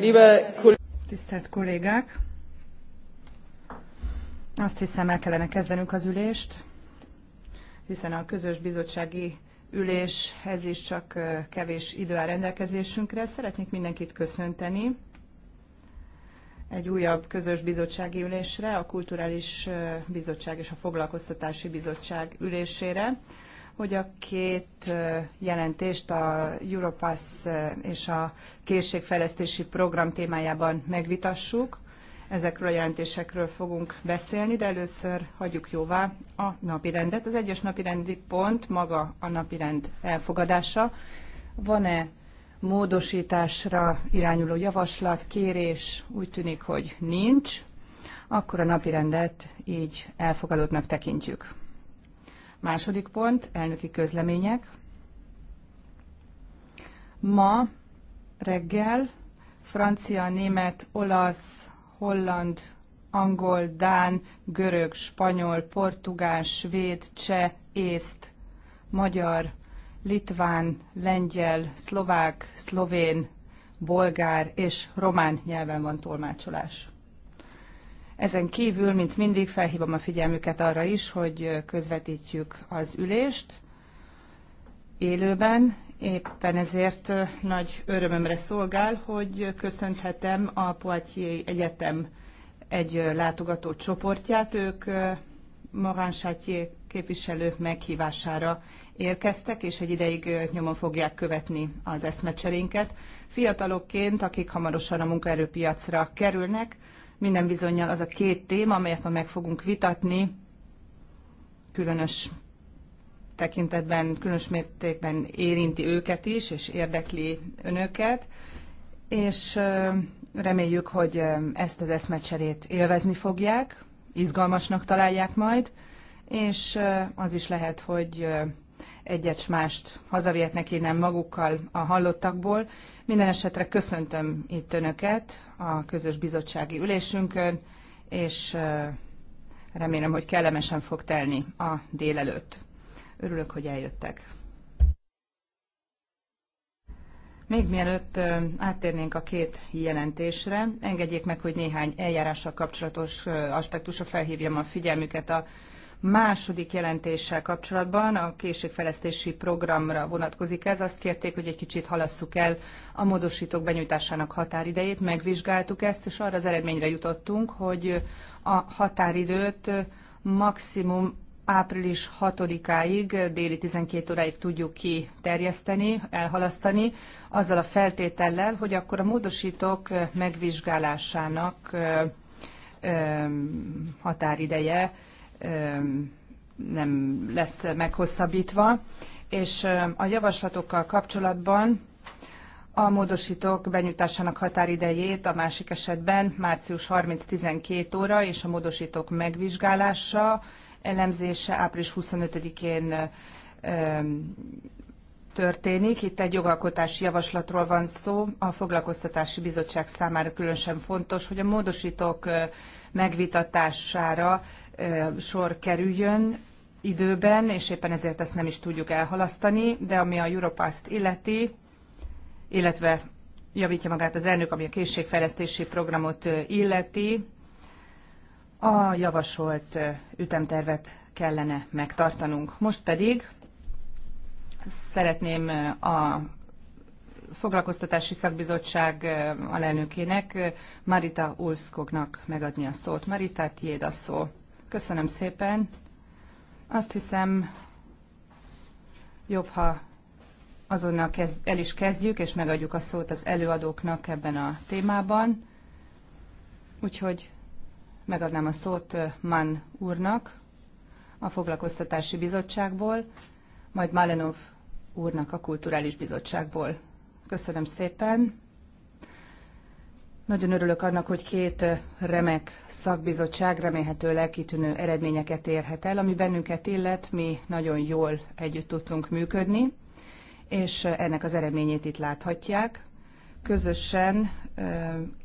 Liebe Tisztelt kollégák! Azt hiszem el kellene kezdenünk az ülést, hiszen a közös bizottsági üléshez is csak kevés idő áll rendelkezésünkre. Szeretnék mindenkit köszönteni egy újabb közös bizottsági ülésre, a Kulturális Bizottság és a Foglalkoztatási Bizottság ülésére hogy a két jelentést a Europass és a készségfejlesztési program témájában megvitassuk. Ezekről a jelentésekről fogunk beszélni, de először hagyjuk jóvá a napirendet. Az egyes napirendi pont maga a napirend elfogadása. Van-e módosításra irányuló javaslat, kérés? Úgy tűnik, hogy nincs. Akkor a napirendet így elfogadottnak tekintjük. Második pont, elnöki közlemények. Ma reggel francia, német, olasz, holland, angol, dán, görög, spanyol, portugál, svéd, cseh, észt, magyar, litván, lengyel, szlovák, szlovén, bolgár és román nyelven van tolmácsolás. Ezen kívül, mint mindig, felhívom a figyelmüket arra is, hogy közvetítjük az ülést élőben. Éppen ezért nagy örömömre szolgál, hogy köszönhetem a Poitiers Egyetem egy látogató csoportját. Ők Morán képviselő meghívására érkeztek, és egy ideig nyomon fogják követni az eszmecserénket. Fiatalokként, akik hamarosan a munkaerőpiacra kerülnek, minden bizonyal az a két téma, amelyet ma meg fogunk vitatni, különös tekintetben, különös mértékben érinti őket is, és érdekli önöket, és reméljük, hogy ezt az eszmecserét élvezni fogják, izgalmasnak találják majd, és az is lehet, hogy egyet mást hazavihetnek innen magukkal a hallottakból, minden esetre köszöntöm itt Önöket a közös bizottsági ülésünkön, és remélem, hogy kellemesen fog telni a délelőtt. Örülök, hogy eljöttek. Még mielőtt áttérnénk a két jelentésre, engedjék meg, hogy néhány eljárással kapcsolatos aspektusra felhívjam a figyelmüket a második jelentéssel kapcsolatban, a készségfejlesztési programra vonatkozik ez. Azt kérték, hogy egy kicsit halasszuk el a módosítók benyújtásának határidejét, megvizsgáltuk ezt, és arra az eredményre jutottunk, hogy a határidőt maximum április 6-áig, déli 12 óráig tudjuk kiterjeszteni, elhalasztani, azzal a feltétellel, hogy akkor a módosítók megvizsgálásának határideje nem lesz meghosszabbítva, és a javaslatokkal kapcsolatban a módosítók benyújtásának határidejét a másik esetben március 30-12 óra és a módosítók megvizsgálása, elemzése április 25-én történik. Itt egy jogalkotási javaslatról van szó. A Foglalkoztatási Bizottság számára különösen fontos, hogy a módosítók megvitatására sor kerüljön időben, és éppen ezért ezt nem is tudjuk elhalasztani, de ami a Europass-t illeti, illetve javítja magát az elnök, ami a készségfejlesztési programot illeti, a javasolt ütemtervet kellene megtartanunk. Most pedig szeretném a foglalkoztatási szakbizottság alelnökének, Marita Ulszkognak megadni a szót. Marita, tiéd a szó. Köszönöm szépen. Azt hiszem, jobb, ha azonnal kezd, el is kezdjük, és megadjuk a szót az előadóknak ebben a témában. Úgyhogy megadnám a szót Mann úrnak a Foglalkoztatási Bizottságból, majd Malenov úrnak a Kulturális Bizottságból. Köszönöm szépen, nagyon örülök annak, hogy két remek szakbizottság remélhetőleg kitűnő eredményeket érhet el, ami bennünket illet, mi nagyon jól együtt tudtunk működni, és ennek az eredményét itt láthatják. Közösen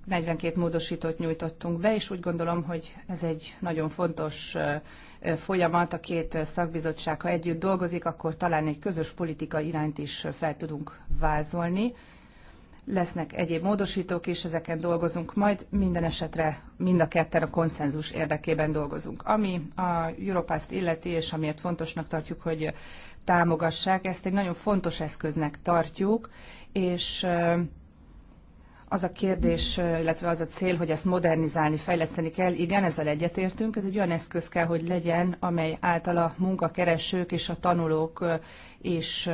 42 módosítót nyújtottunk be, és úgy gondolom, hogy ez egy nagyon fontos folyamat. A két szakbizottság, ha együtt dolgozik, akkor talán egy közös politika irányt is fel tudunk vázolni, lesznek egyéb módosítók is, ezeken dolgozunk, majd minden esetre mind a ketten a konszenzus érdekében dolgozunk. Ami a Europaszt illeti, és amiért fontosnak tartjuk, hogy támogassák, ezt egy nagyon fontos eszköznek tartjuk, és az a kérdés, illetve az a cél, hogy ezt modernizálni, fejleszteni kell, igen, ezzel egyetértünk. Ez egy olyan eszköz kell, hogy legyen, amely által a munkakeresők és a tanulók és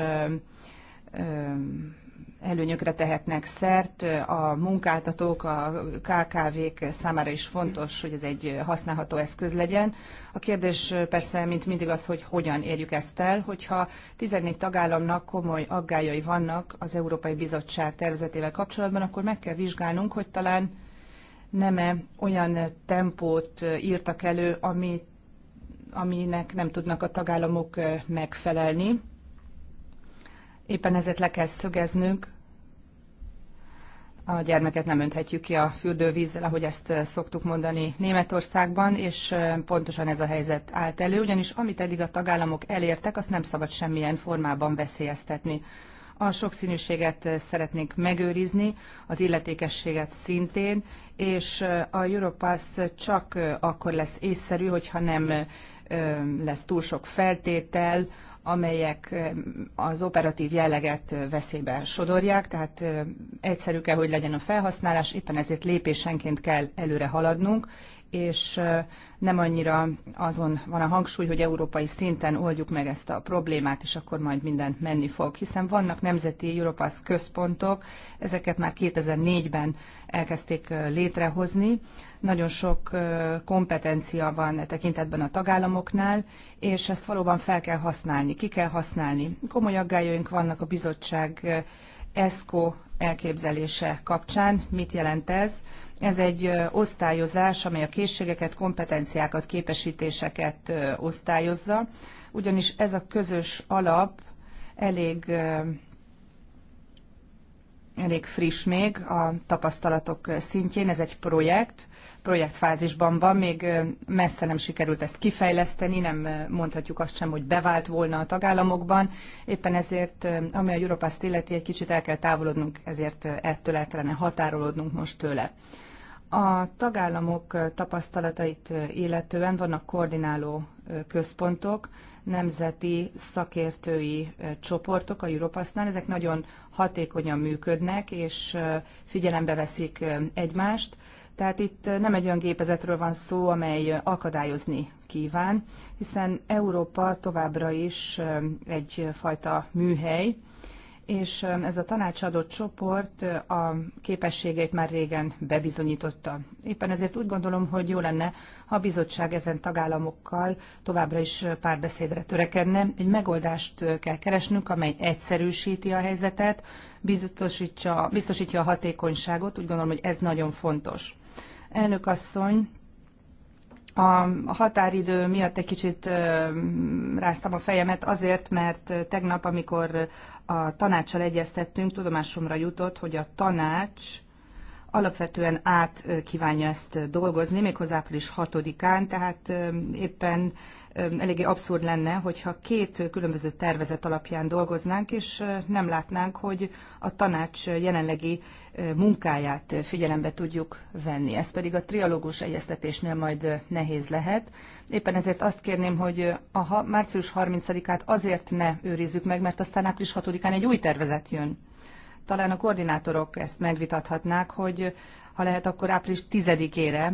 előnyökre tehetnek szert. A munkáltatók, a KKV-k számára is fontos, hogy ez egy használható eszköz legyen. A kérdés persze, mint mindig az, hogy hogyan érjük ezt el, hogyha 14 tagállamnak komoly aggályai vannak az Európai Bizottság tervezetével kapcsolatban, akkor meg kell vizsgálnunk, hogy talán nem -e olyan tempót írtak elő, amit aminek nem tudnak a tagállamok megfelelni. Éppen ezért le kell szögeznünk, a gyermeket nem önthetjük ki a fürdővízzel, ahogy ezt eh, szoktuk mondani Németországban, és eh, pontosan ez a helyzet állt elő, ugyanis amit eddig a tagállamok elértek, azt nem szabad semmilyen formában veszélyeztetni. A sokszínűséget eh, szeretnénk megőrizni, az illetékességet szintén, és a Europass csak akkor lesz észszerű, hogyha nem lesz túl sok feltétel, amelyek az operatív jelleget veszélybe sodorják, tehát egyszerű kell, hogy legyen a felhasználás, éppen ezért lépésenként kell előre haladnunk, és nem annyira azon van a hangsúly, hogy európai szinten oldjuk meg ezt a problémát, és akkor majd mindent menni fog, hiszen vannak nemzeti Európász központok, ezeket már 2004-ben elkezdték létrehozni. Nagyon sok kompetencia van e tekintetben a tagállamoknál, és ezt valóban fel kell használni, ki kell használni. Komoly aggályaink vannak a bizottság ESCO elképzelése kapcsán. Mit jelent ez? Ez egy osztályozás, amely a készségeket, kompetenciákat, képesítéseket osztályozza, ugyanis ez a közös alap elég, elég friss még a tapasztalatok szintjén. Ez egy projekt, projektfázisban van, még messze nem sikerült ezt kifejleszteni, nem mondhatjuk azt sem, hogy bevált volna a tagállamokban. Éppen ezért, ami a Europaszt illeti, egy kicsit el kell távolodnunk, ezért ettől el kellene határolódnunk most tőle. A tagállamok tapasztalatait illetően vannak koordináló központok, nemzeti szakértői csoportok a Europasznál. Ezek nagyon hatékonyan működnek, és figyelembe veszik egymást. Tehát itt nem egy olyan gépezetről van szó, amely akadályozni kíván, hiszen Európa továbbra is egyfajta műhely, és ez a tanácsadott csoport a képességeit már régen bebizonyította. Éppen ezért úgy gondolom, hogy jó lenne, ha a bizottság ezen tagállamokkal továbbra is párbeszédre törekedne. Egy megoldást kell keresnünk, amely egyszerűsíti a helyzetet, biztosítja, biztosítja a hatékonyságot, úgy gondolom, hogy ez nagyon fontos. Elnök asszony, a határidő miatt egy kicsit ráztam a fejemet azért, mert tegnap, amikor a tanácssal egyeztettünk, tudomásomra jutott, hogy a tanács alapvetően át kívánja ezt dolgozni, méghozzá április 6-án, tehát éppen eléggé abszurd lenne, hogyha két különböző tervezet alapján dolgoznánk, és nem látnánk, hogy a tanács jelenlegi munkáját figyelembe tudjuk venni. Ez pedig a trialógus egyeztetésnél majd nehéz lehet. Éppen ezért azt kérném, hogy a március 30-át azért ne őrizzük meg, mert aztán április 6-án egy új tervezet jön. Talán a koordinátorok ezt megvitathatnák, hogy ha lehet, akkor április 10-ére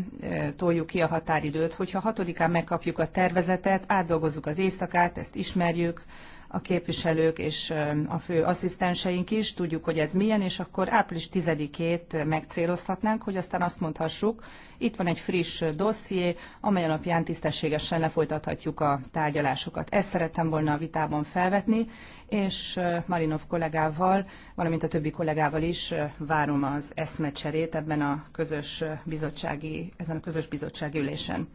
toljuk ki a határidőt, hogyha 6-án megkapjuk a tervezetet, átdolgozzuk az éjszakát, ezt ismerjük, a képviselők és a fő asszisztenseink is, tudjuk, hogy ez milyen, és akkor április 10-ét megcélozhatnánk, hogy aztán azt mondhassuk, itt van egy friss dosszié, amely alapján tisztességesen lefolytathatjuk a tárgyalásokat. Ezt szerettem volna a vitában felvetni, és Marinov kollégával, valamint a többi kollégával is várom az eszmecserét ebben a közös bizottsági, ezen a közös bizottsági ülésen.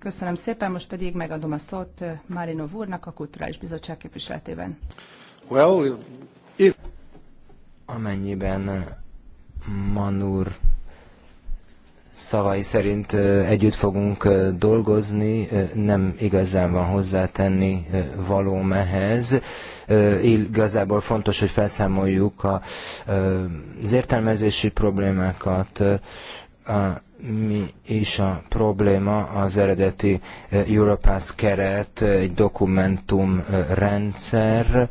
Köszönöm szépen, most pedig megadom a szót eh, Marino úrnak a Kulturális Bizottság képviseletében. Well, if... Amennyiben eh, Manur szavai szerint eh, együtt fogunk dolgozni, nem igazán van hozzátenni való mehez. Igazából fontos, hogy felszámoljuk az értelmezési problémákat, mi is a probléma az eredeti eh, Europass keret, eh, egy dokumentumrendszer, eh,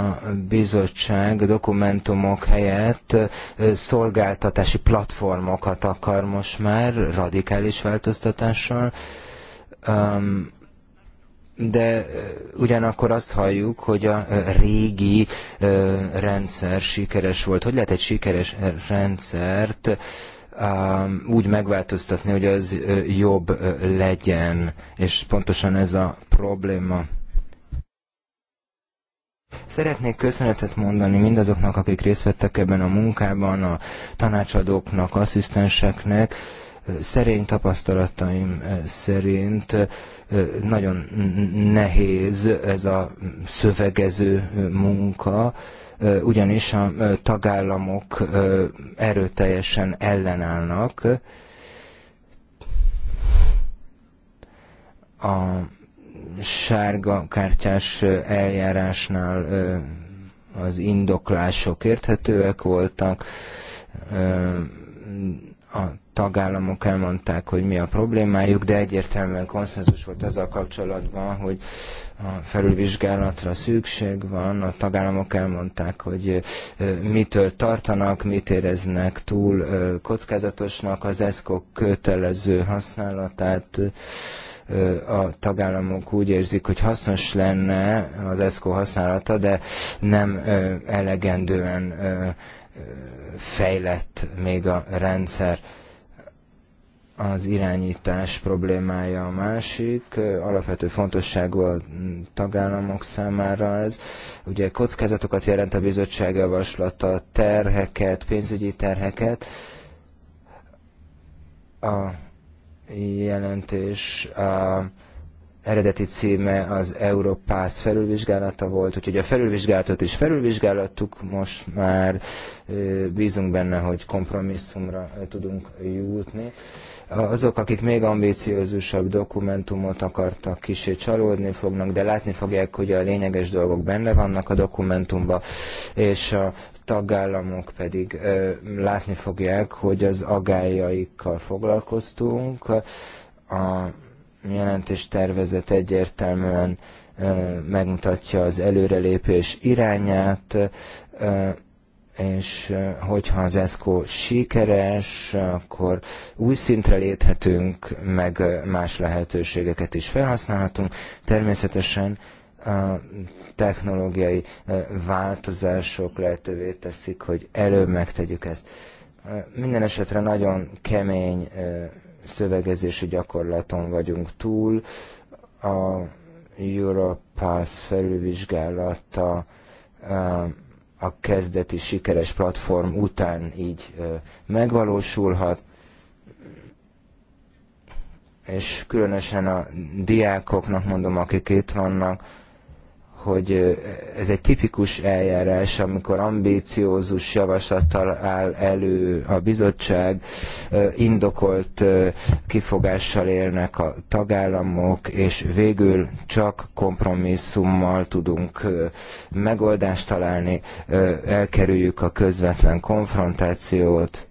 a bizottság dokumentumok helyett szolgáltatási platformokat akar most már radikális változtatással, de ugyanakkor azt halljuk, hogy a régi rendszer sikeres volt. Hogy lehet egy sikeres rendszert úgy megváltoztatni, hogy az jobb legyen, és pontosan ez a probléma. Szeretnék köszönetet mondani mindazoknak, akik részt vettek ebben a munkában, a tanácsadóknak, asszisztenseknek. Szerény tapasztalataim szerint nagyon nehéz ez a szövegező munka, ugyanis a tagállamok erőteljesen ellenállnak. A sárga kártyás eljárásnál az indoklások érthetőek voltak, a tagállamok elmondták, hogy mi a problémájuk, de egyértelműen konszenzus volt azzal kapcsolatban, hogy a felülvizsgálatra szükség van, a tagállamok elmondták, hogy mitől tartanak, mit éreznek túl kockázatosnak, az eszkok kötelező használatát a tagállamok úgy érzik, hogy hasznos lenne az eszkó használata, de nem elegendően fejlett még a rendszer az irányítás problémája a másik, alapvető fontosságú a tagállamok számára ez. Ugye kockázatokat jelent a bizottság javaslata, terheket, pénzügyi terheket. A jelentés a eredeti címe az Európász felülvizsgálata volt, úgyhogy a felülvizsgálatot is felülvizsgálattuk, most már bízunk benne, hogy kompromisszumra tudunk jutni. Azok, akik még ambíciózusabb dokumentumot akartak, kisé csalódni fognak, de látni fogják, hogy a lényeges dolgok benne vannak a dokumentumban, és a tagállamok pedig látni fogják, hogy az agályaikkal foglalkoztunk, a tervezet egyértelműen megmutatja az előrelépés irányát, és hogyha az ESCO sikeres, akkor új szintre léthetünk, meg más lehetőségeket is felhasználhatunk. Természetesen a technológiai változások lehetővé teszik, hogy előbb megtegyük ezt. Minden esetre nagyon kemény szövegezési gyakorlaton vagyunk túl. A Europass felülvizsgálata eh, a kezdeti sikeres platform után így eh, megvalósulhat, és különösen a diákoknak mondom, akik itt vannak, hogy ez egy tipikus eljárás, amikor ambíciózus javaslattal áll elő a bizottság, indokolt kifogással élnek a tagállamok, és végül csak kompromisszummal tudunk megoldást találni, elkerüljük a közvetlen konfrontációt,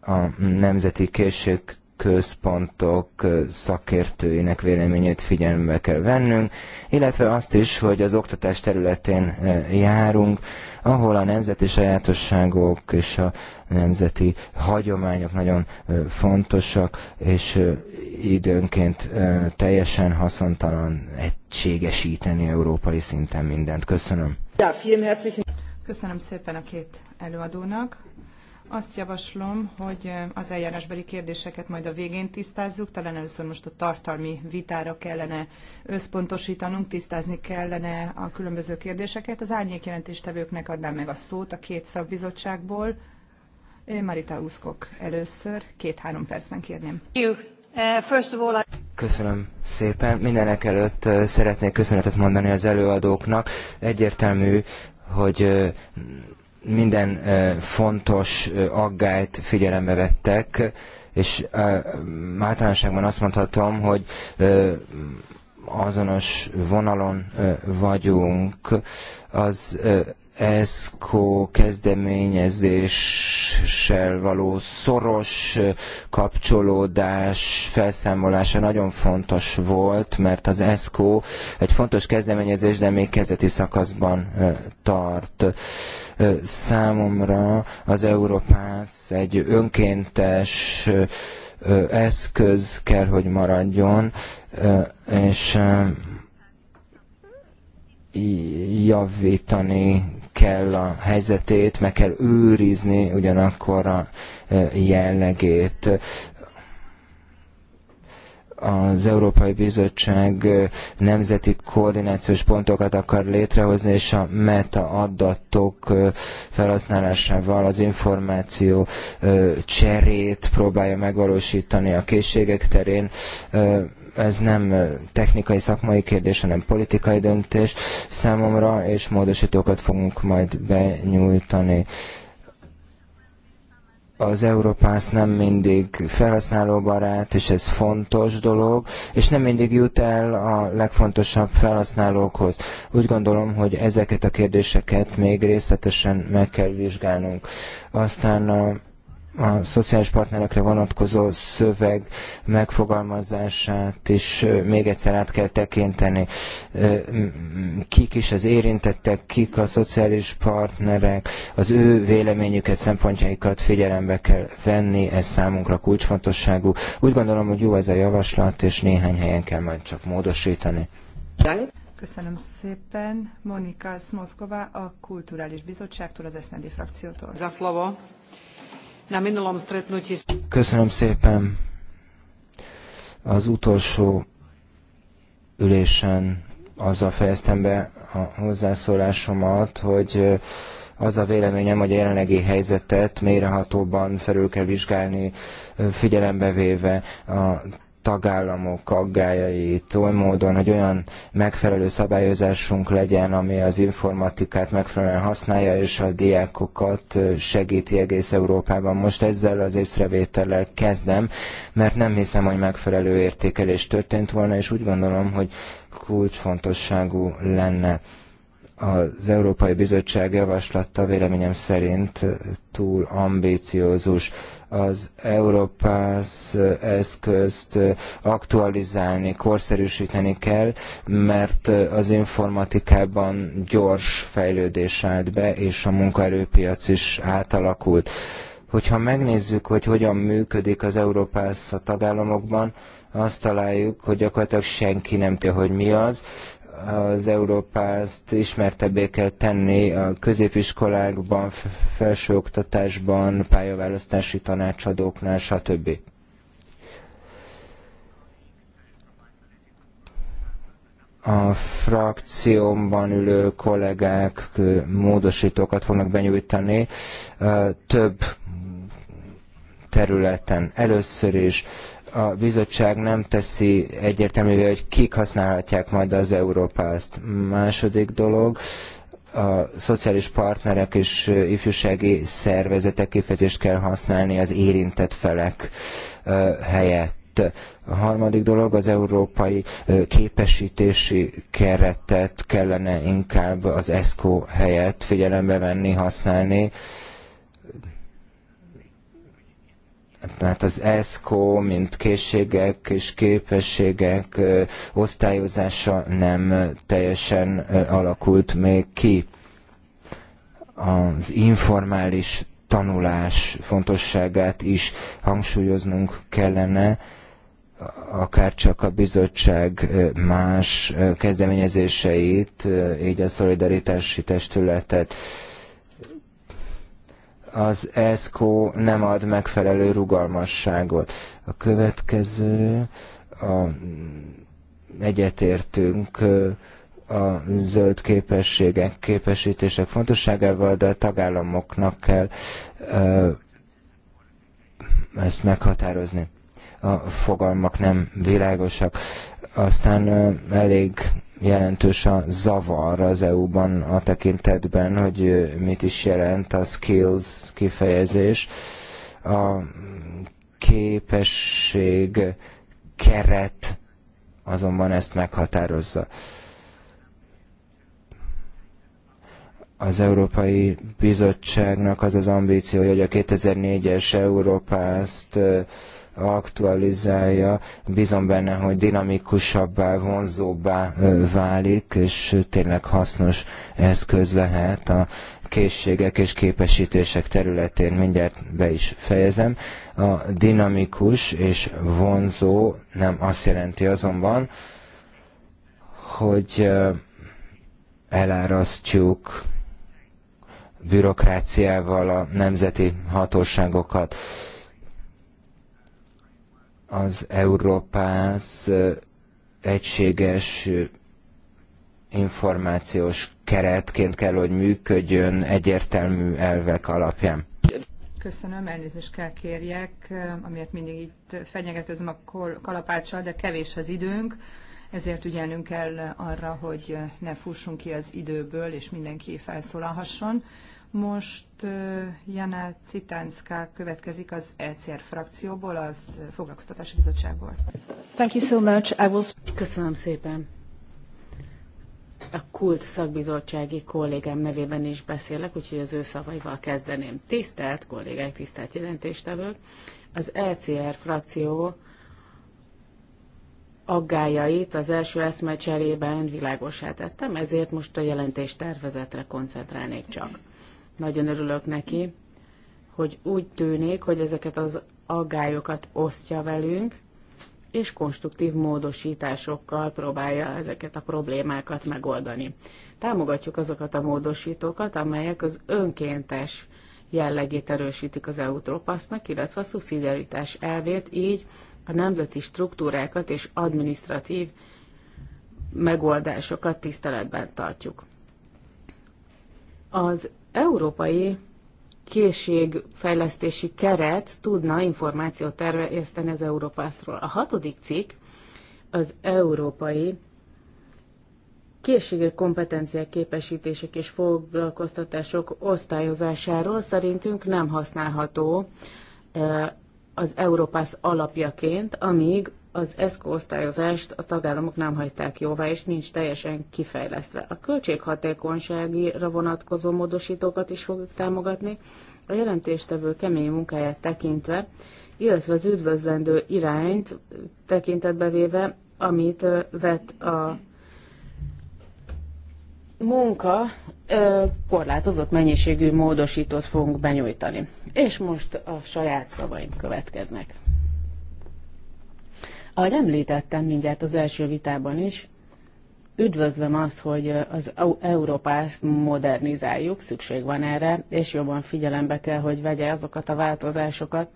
a nemzeti készség központok szakértőinek véleményét figyelembe kell vennünk, illetve azt is, hogy az oktatás területén járunk, ahol a nemzeti sajátosságok és a nemzeti hagyományok nagyon fontosak, és időnként teljesen haszontalan egységesíteni európai szinten mindent. Köszönöm. Köszönöm szépen a két előadónak. Azt javaslom, hogy az eljárásbeli kérdéseket majd a végén tisztázzuk. Talán először most a tartalmi vitára kellene összpontosítanunk, tisztázni kellene a különböző kérdéseket. Az árnyékjelentéstevőknek adnám meg a szót a két szakbizottságból. Marita Uszkok először, két-három percben kérném. Uh, Köszönöm szépen. Mindenek előtt szeretnék köszönetet mondani az előadóknak. Egyértelmű, hogy minden fontos aggályt figyelembe vettek, és általánosságban azt mondhatom, hogy azonos vonalon vagyunk. Az ESCO kezdeményezéssel való szoros kapcsolódás felszámolása nagyon fontos volt, mert az ESCO egy fontos kezdeményezés, de még kezdeti szakaszban tart. Számomra az Európász egy önkéntes eszköz kell, hogy maradjon, és javítani kell a helyzetét, meg kell őrizni ugyanakkor a e, jellegét az Európai Bizottság e, nemzeti koordinációs pontokat akar létrehozni, és a metaadatok e, felhasználásával az információ cserét próbálja megvalósítani a készségek terén. Ez nem technikai szakmai kérdés, hanem politikai döntés számomra, és módosítókat fogunk majd benyújtani az Európász nem mindig felhasználóbarát, és ez fontos dolog, és nem mindig jut el a legfontosabb felhasználókhoz. Úgy gondolom, hogy ezeket a kérdéseket még részletesen meg kell vizsgálnunk. Aztán a a szociális partnerekre vonatkozó szöveg megfogalmazását is még egyszer át kell tekinteni. Kik is az érintettek, kik a szociális partnerek, az ő véleményüket, szempontjaikat figyelembe kell venni, ez számunkra kulcsfontosságú. Úgy gondolom, hogy jó ez a javaslat, és néhány helyen kell majd csak módosítani. Köszönöm szépen. Monika Smolkova a Kulturális Bizottságtól, az SZND frakciótól. Zaszlava na minulom stretnutí... Köszönöm szépen. Az utolsó ülésen azzal fejeztem be a hozzászólásomat, hogy az a véleményem, hogy a jelenlegi helyzetet mélyrehatóban felül kell vizsgálni, figyelembe véve a tagállamok aggályai, oly módon, hogy olyan megfelelő szabályozásunk legyen, ami az informatikát megfelelően használja, és a diákokat segíti egész Európában. Most ezzel az észrevétellel kezdem, mert nem hiszem, hogy megfelelő értékelés történt volna, és úgy gondolom, hogy kulcsfontosságú lenne az Európai Bizottság javaslata véleményem szerint túl ambíciózus. Az Európász eszközt aktualizálni, korszerűsíteni kell, mert az informatikában gyors fejlődés állt be, és a munkaerőpiac is átalakult. Hogyha megnézzük, hogy hogyan működik az Európász a tagállamokban, azt találjuk, hogy gyakorlatilag senki nem tudja, hogy mi az, az Európát ismertebbé kell tenni a középiskolákban, felsőoktatásban, pályaválasztási tanácsadóknál, stb. a frakciómban ülő kollégák módosítókat fognak benyújtani több területen. Először is a bizottság nem teszi egyértelművé, hogy kik használhatják majd az Európászt. Második dolog, a szociális partnerek és ifjúsági szervezetek kifejezést kell használni az érintett felek helyett. A harmadik dolog az európai képesítési keretet kellene inkább az ESCO helyett figyelembe venni, használni. tehát az ESCO, mint készségek és képességek osztályozása nem teljesen alakult még ki. Az informális tanulás fontosságát is hangsúlyoznunk kellene, akár csak a bizottság más kezdeményezéseit, így a szolidaritási testületet az ESCO nem ad megfelelő rugalmasságot. A következő, a, egyetértünk a zöld képességek, képesítések fontosságával, de a tagállamoknak kell ezt meghatározni. A fogalmak nem világosak. Aztán elég jelentős a zavar az EU-ban a tekintetben, hogy mit is jelent a skills kifejezés. A képesség keret azonban ezt meghatározza. az Európai Bizottságnak az az ambíciója, hogy a 2004-es Európászt aktualizálja. Bízom benne, hogy dinamikusabbá, vonzóbbá válik, és tényleg hasznos eszköz lehet a készségek és képesítések területén. Mindjárt be is fejezem. A dinamikus és vonzó nem azt jelenti azonban, hogy elárasztjuk bürokráciával a nemzeti hatóságokat az Európász egységes információs keretként kell, hogy működjön egyértelmű elvek alapján. Köszönöm, elnézést kell kérjek, amiért mindig itt fenyegetőzöm a kalapáccsal, de kevés az időnk, ezért ügyelnünk kell arra, hogy ne fussunk ki az időből, és mindenki felszólalhasson. Most Jana Citánszka következik az ECR frakcióból, az Foglalkoztatási Bizottságból. Thank you so much. I will... Köszönöm szépen. A Kult szakbizottsági kollégám nevében is beszélek, úgyhogy az ő szavaival kezdeném. Tisztelt kollégák, tisztelt jelentéstevők! Az ECR frakció aggájait az első eszmecserében világosá tettem, ezért most a jelentés tervezetre koncentrálnék csak. Nagyon örülök neki, hogy úgy tűnik, hogy ezeket az aggályokat osztja velünk, és konstruktív módosításokkal próbálja ezeket a problémákat megoldani. Támogatjuk azokat a módosítókat, amelyek az önkéntes jellegét erősítik az Eutropasznak, illetve a szubszidiaritás elvét, így a nemzeti struktúrákat és administratív megoldásokat tiszteletben tartjuk. Az európai készségfejlesztési keret tudna információt terjeszteni az Európászról. A hatodik cikk az európai készségek, kompetenciák, képesítések és foglalkoztatások osztályozásáról szerintünk nem használható az Európász alapjaként, amíg az ESCO osztályozást a tagállamok nem hagyták jóvá, és nincs teljesen kifejlesztve. A költséghatékonyságira vonatkozó módosítókat is fogjuk támogatni, a jelentéstevő kemény munkáját tekintve, illetve az üdvözlendő irányt tekintetbe véve, amit vett a munka korlátozott mennyiségű módosítót fogunk benyújtani. És most a saját szavaim következnek. Ahogy említettem mindjárt az első vitában is, üdvözlöm azt, hogy az Európát modernizáljuk, szükség van erre, és jobban figyelembe kell, hogy vegye azokat a változásokat,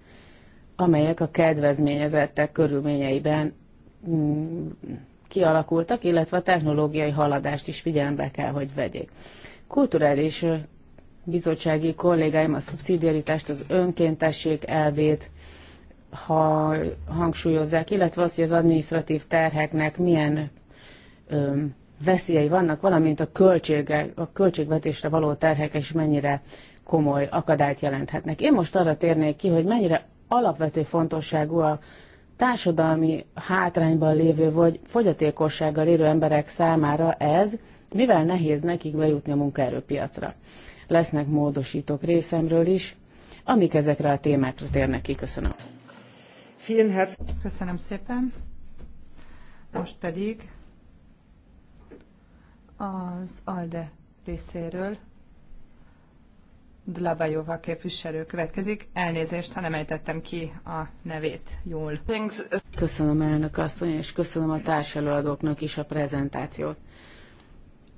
amelyek a kedvezményezettek körülményeiben mm, kialakultak, illetve a technológiai haladást is figyelembe kell, hogy vegyék. Kulturális bizottsági kollégáim a szubszidiaritást, az önkéntesség elvét ha hangsúlyozzák, illetve az, hogy az administratív terheknek milyen ö, veszélyei vannak, valamint a, költsége, a költségvetésre való terhek is mennyire komoly akadályt jelenthetnek. Én most arra térnék ki, hogy mennyire alapvető fontosságú a társadalmi hátrányban lévő vagy fogyatékossággal élő emberek számára ez, mivel nehéz nekik bejutni a munkaerőpiacra. Lesznek módosítók részemről is, amik ezekre a témákra térnek ki. Köszönöm. Köszönöm szépen. Most pedig az ALDE részéről Dlabajova képviselő következik. Elnézést, ha nem ejtettem ki a nevét jól. Köszönöm elnök asszony, és köszönöm a társelőadóknak is a prezentációt.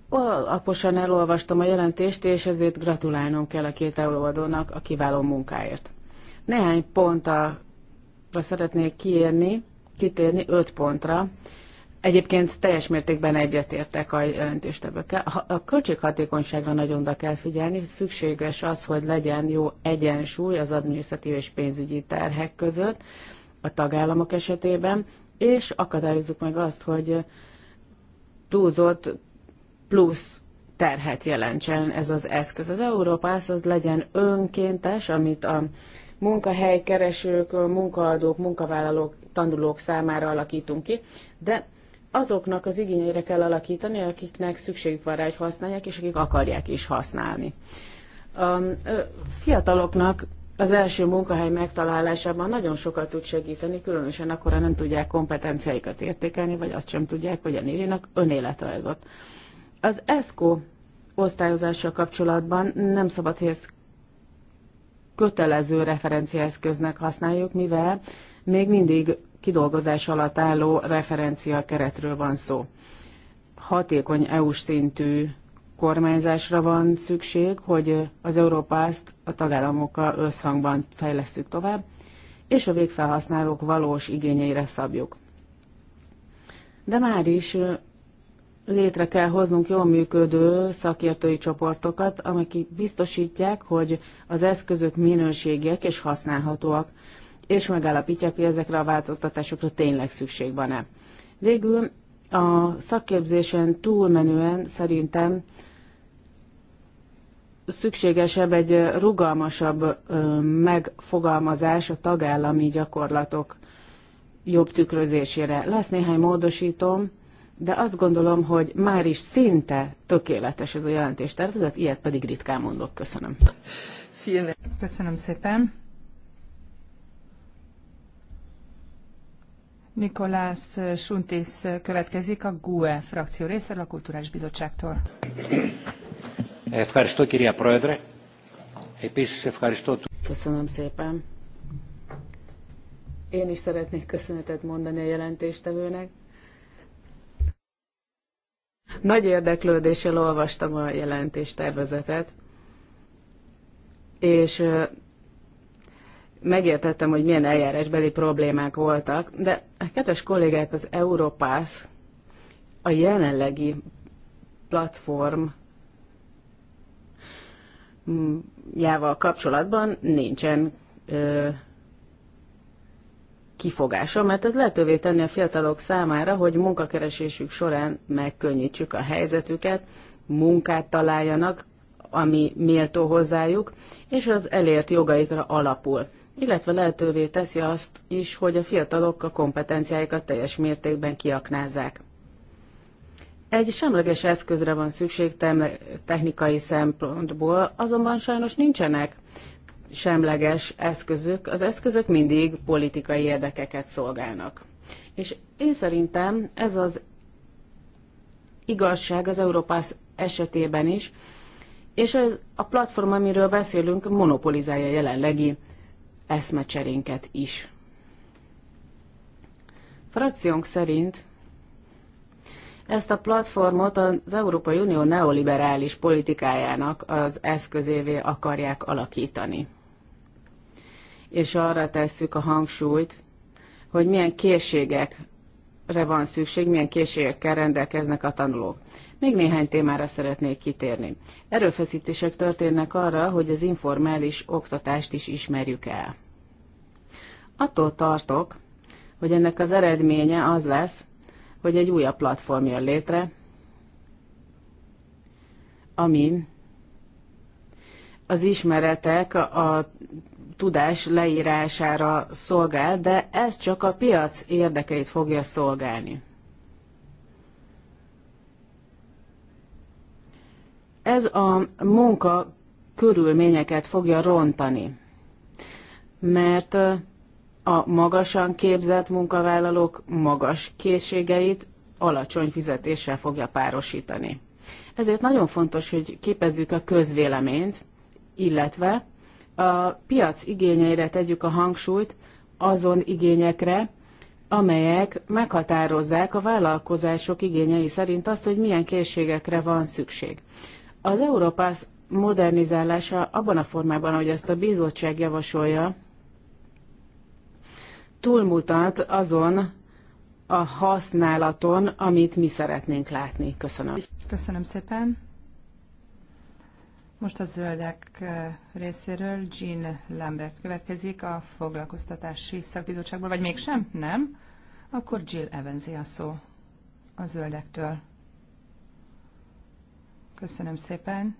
Alaposan elolvastam a jelentést, és ezért gratulálnom kell a két előadónak a kiváló munkáért. Néhány pont a szeretnék kiérni, kitérni öt pontra. Egyébként teljes mértékben egyetértek a jelentéstevőkkel. A költséghatékonyságra nagyon oda kell figyelni. Szükséges az, hogy legyen jó egyensúly az adminisztratív és pénzügyi terhek között a tagállamok esetében, és akadályozzuk meg azt, hogy túlzott plusz terhet jelentsen ez az eszköz. Az Európász az legyen önkéntes, amit a munkahelykeresők, munkaadók, munkavállalók, tanulók számára alakítunk ki, de azoknak az igényeire kell alakítani, akiknek szükségük van rá, hogy használják, és akik akarják is használni. A um, fiataloknak az első munkahely megtalálásában nagyon sokat tud segíteni, különösen akkor, ha nem tudják kompetenciáikat értékelni, vagy azt sem tudják, hogy a írjanak önéletrajzot. Az ESCO osztályozással kapcsolatban nem szabad, hogy ezt kötelező referenciaeszköznek használjuk, mivel még mindig kidolgozás alatt álló referencia keretről van szó. Hatékony EU-s szintű kormányzásra van szükség, hogy az Európászt a tagállamokkal összhangban fejlesztjük tovább, és a végfelhasználók valós igényeire szabjuk. De már is létre kell hoznunk jól működő szakértői csoportokat, amelyek biztosítják, hogy az eszközök minőségiek és használhatóak, és megállapítják, hogy ezekre a változtatásokra tényleg szükség van-e. Végül a szakképzésen túlmenően szerintem szükségesebb egy rugalmasabb megfogalmazás a tagállami gyakorlatok jobb tükrözésére. Lesz néhány módosítom, de azt gondolom, hogy már is szinte tökéletes ez a jelentéstervezet, ilyet pedig ritkán mondok. Köszönöm. Köszönöm szépen. Nikolás Suntis következik a GUE frakció részéről a Kulturális Bizottságtól. Köszönöm szépen. Én is szeretnék köszönetet mondani a jelentéstevőnek. Nagy érdeklődéssel olvastam a jelentéstervezetet, és megértettem, hogy milyen eljárásbeli problémák voltak, de a kedves kollégák, az Európász a jelenlegi platform jával kapcsolatban nincsen kifogása, mert ez lehetővé tenni a fiatalok számára, hogy munkakeresésük során megkönnyítsük a helyzetüket, munkát találjanak, ami méltó hozzájuk, és az elért jogaikra alapul. Illetve lehetővé teszi azt is, hogy a fiatalok a kompetenciáikat teljes mértékben kiaknázzák. Egy semleges eszközre van szükség technikai szempontból, azonban sajnos nincsenek semleges eszközök, az eszközök mindig politikai érdekeket szolgálnak. És én szerintem ez az igazság az Európász esetében is, és ez a platform, amiről beszélünk, monopolizálja jelenlegi eszmecserénket is. Frakciónk szerint ezt a platformot az Európai Unió neoliberális politikájának az eszközévé akarják alakítani. És arra tesszük a hangsúlyt, hogy milyen készségekre van szükség, milyen készségekkel rendelkeznek a tanulók. Még néhány témára szeretnék kitérni. Erőfeszítések történnek arra, hogy az informális oktatást is ismerjük el. Attól tartok, hogy ennek az eredménye az lesz, hogy egy újabb platform jön létre, amin az ismeretek a tudás leírására szolgál, de ez csak a piac érdekeit fogja szolgálni. Ez a munka körülményeket fogja rontani, mert a magasan képzett munkavállalók magas készségeit alacsony fizetéssel fogja párosítani. Ezért nagyon fontos, hogy képezzük a közvéleményt, illetve a piac igényeire tegyük a hangsúlyt azon igényekre, amelyek meghatározzák a vállalkozások igényei szerint azt, hogy milyen készségekre van szükség. Az Európász modernizálása abban a formában, ahogy ezt a bizottság javasolja, túlmutat azon a használaton, amit mi szeretnénk látni. Köszönöm. Köszönöm szépen. Most a zöldek eh, részéről Jean Lambert következik a foglalkoztatási szakbizottságból, vagy mégsem? Nem? Akkor Jill evans a szó a zöldektől. Köszönöm szépen.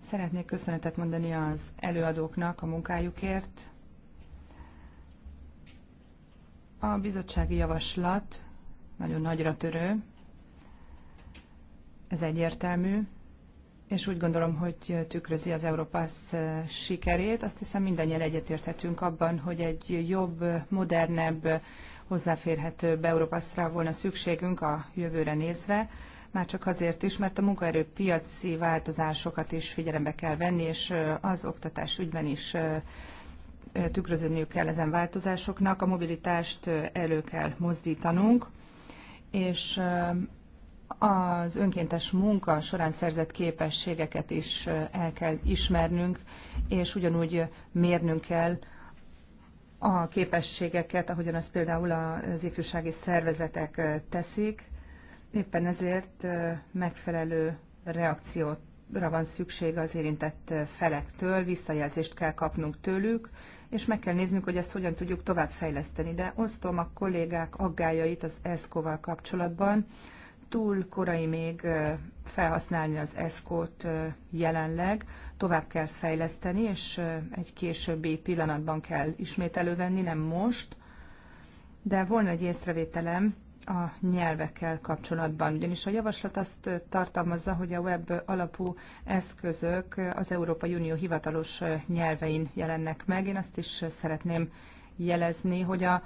Szeretnék köszönetet mondani az előadóknak a munkájukért. A bizottsági javaslat nagyon nagyra törő, ez egyértelmű, és úgy gondolom, hogy tükrözi az Európász eh, sikerét. Azt hiszem mindannyian egyetérthetünk abban, hogy egy jobb, modernebb, hozzáférhetőbb Európászra volna szükségünk a jövőre nézve, már csak azért is, mert a munkaerőpiaci változásokat is figyelembe kell venni, és eh, az oktatás ügyben is eh, tükröződniük kell ezen változásoknak, a mobilitást elő kell mozdítanunk, és az önkéntes munka során szerzett képességeket is el kell ismernünk, és ugyanúgy mérnünk kell a képességeket, ahogyan azt például az ifjúsági szervezetek teszik. Éppen ezért megfelelő reakciót van szükség az érintett felektől, visszajelzést kell kapnunk tőlük, és meg kell néznünk, hogy ezt hogyan tudjuk továbbfejleszteni. De osztom a kollégák aggájait az ESCO-val kapcsolatban. Túl korai még felhasználni az ESCO-t jelenleg, tovább kell fejleszteni, és egy későbbi pillanatban kell ismét elővenni, nem most. De volna egy észrevételem, a nyelvekkel kapcsolatban. Ugyanis a javaslat azt tartalmazza, hogy a web alapú eszközök az Európai Unió hivatalos nyelvein jelennek meg. Én azt is szeretném jelezni, hogy a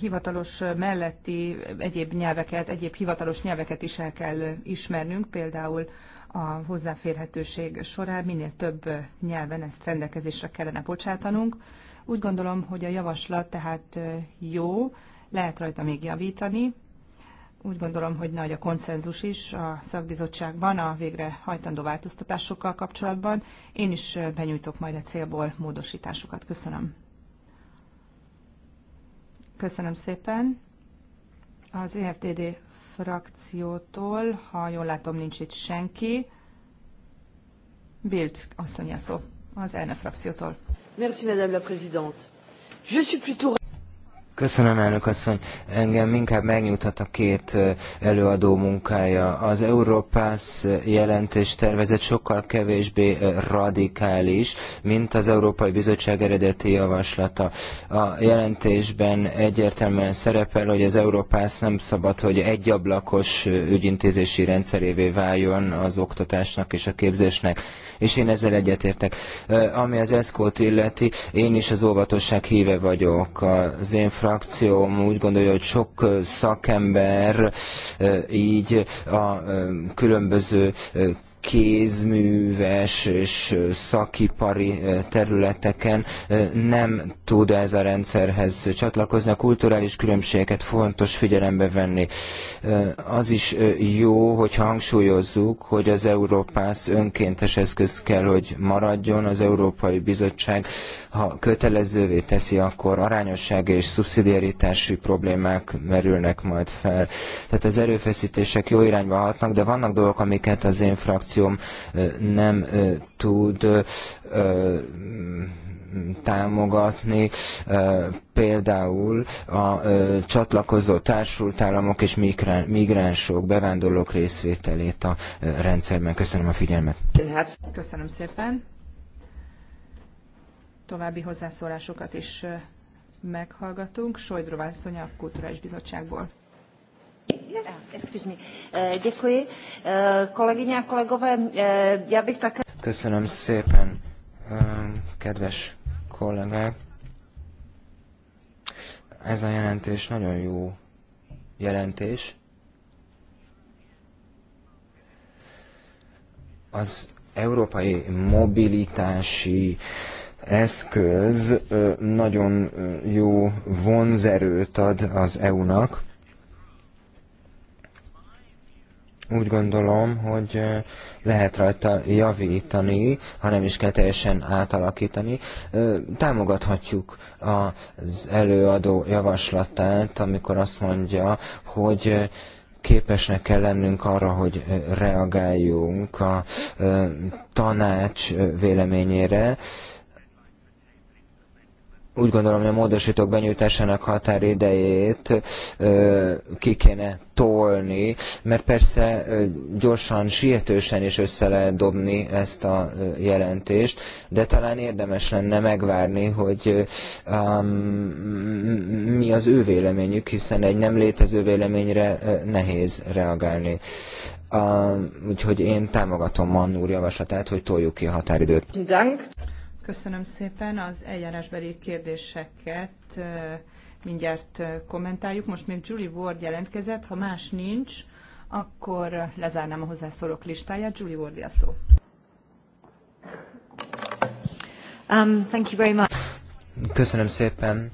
hivatalos melletti egyéb nyelveket, egyéb hivatalos nyelveket is el kell ismernünk, például a hozzáférhetőség során minél több nyelven ezt rendelkezésre kellene bocsátanunk. Úgy gondolom, hogy a javaslat tehát jó, lehet rajta még javítani. Úgy gondolom, hogy nagy a konszenzus is a szakbizottságban a végre hajtandó változtatásokkal kapcsolatban. Én is benyújtok majd a célból módosításokat. Köszönöm. Köszönöm szépen. Az EFTD frakciótól, ha jól látom, nincs itt senki. Bild asszony szó az elnök frakciótól. Merci, Madame la Présidente. Je suis plutôt... Köszönöm, elnök asszony. Engem inkább megnyugtat a két előadó munkája. Az Európász jelentés tervezet sokkal kevésbé radikális, mint az Európai Bizottság eredeti javaslata. A jelentésben egyértelműen szerepel, hogy az Európász nem szabad, hogy egyablakos ügyintézési rendszerévé váljon az oktatásnak és a képzésnek. És én ezzel egyetértek. Ami az ESZKÓT illeti, én is az óvatosság híve vagyok. Az én frakcióm úgy gondolja, hogy sok szakember így a különböző kézműves és szakipari területeken nem tud ez a rendszerhez csatlakozni. A kulturális különbségeket fontos figyelembe venni. Az is jó, hogy hangsúlyozzuk, hogy az Európász önkéntes eszköz kell, hogy maradjon. Az Európai Bizottság, ha kötelezővé teszi, akkor arányosság és szubszidiaritási problémák merülnek majd fel. Tehát az erőfeszítések jó irányba hatnak, de vannak dolgok, amiket az én frakció frakcióm nem tud támogatni, például a csatlakozó társult államok és migránsok, bevándorlók részvételét a rendszerben. Köszönöm a figyelmet. Köszönöm szépen. További hozzászólásokat is meghallgatunk. Sojdrovászony a Kulturális Bizottságból. Eh, děkuji. Eh, kolegyně a kolegové, eh, já bych také... Köszönöm szépen, kedves kollégák. Ez a jelentés nagyon jó jelentés. Az európai mobilitási eszköz nagyon jó vonzerőt ad az EU-nak Úgy gondolom, hogy lehet rajta javítani, hanem is kell teljesen átalakítani. Támogathatjuk az előadó javaslatát, amikor azt mondja, hogy képesnek kell lennünk arra, hogy reagáljunk a tanács véleményére, úgy gondolom, hogy a módosítók benyújtásának határidejét ki kéne tolni, mert persze gyorsan, sietősen is össze lehet dobni ezt a jelentést, de talán érdemes lenne megvárni, hogy mi az ő véleményük, hiszen egy nem létező véleményre nehéz reagálni. Um, úgyhogy én támogatom Mann úr javaslatát, hogy toljuk ki a határidőt. Köszönöm szépen az eljárásbeli kérdéseket. Mindjárt kommentáljuk. Most még Julie Ward jelentkezett. Ha más nincs, akkor lezárnám a hozzászólók listáját. Julie Ward a szó. Um, thank you very much. Köszönöm szépen.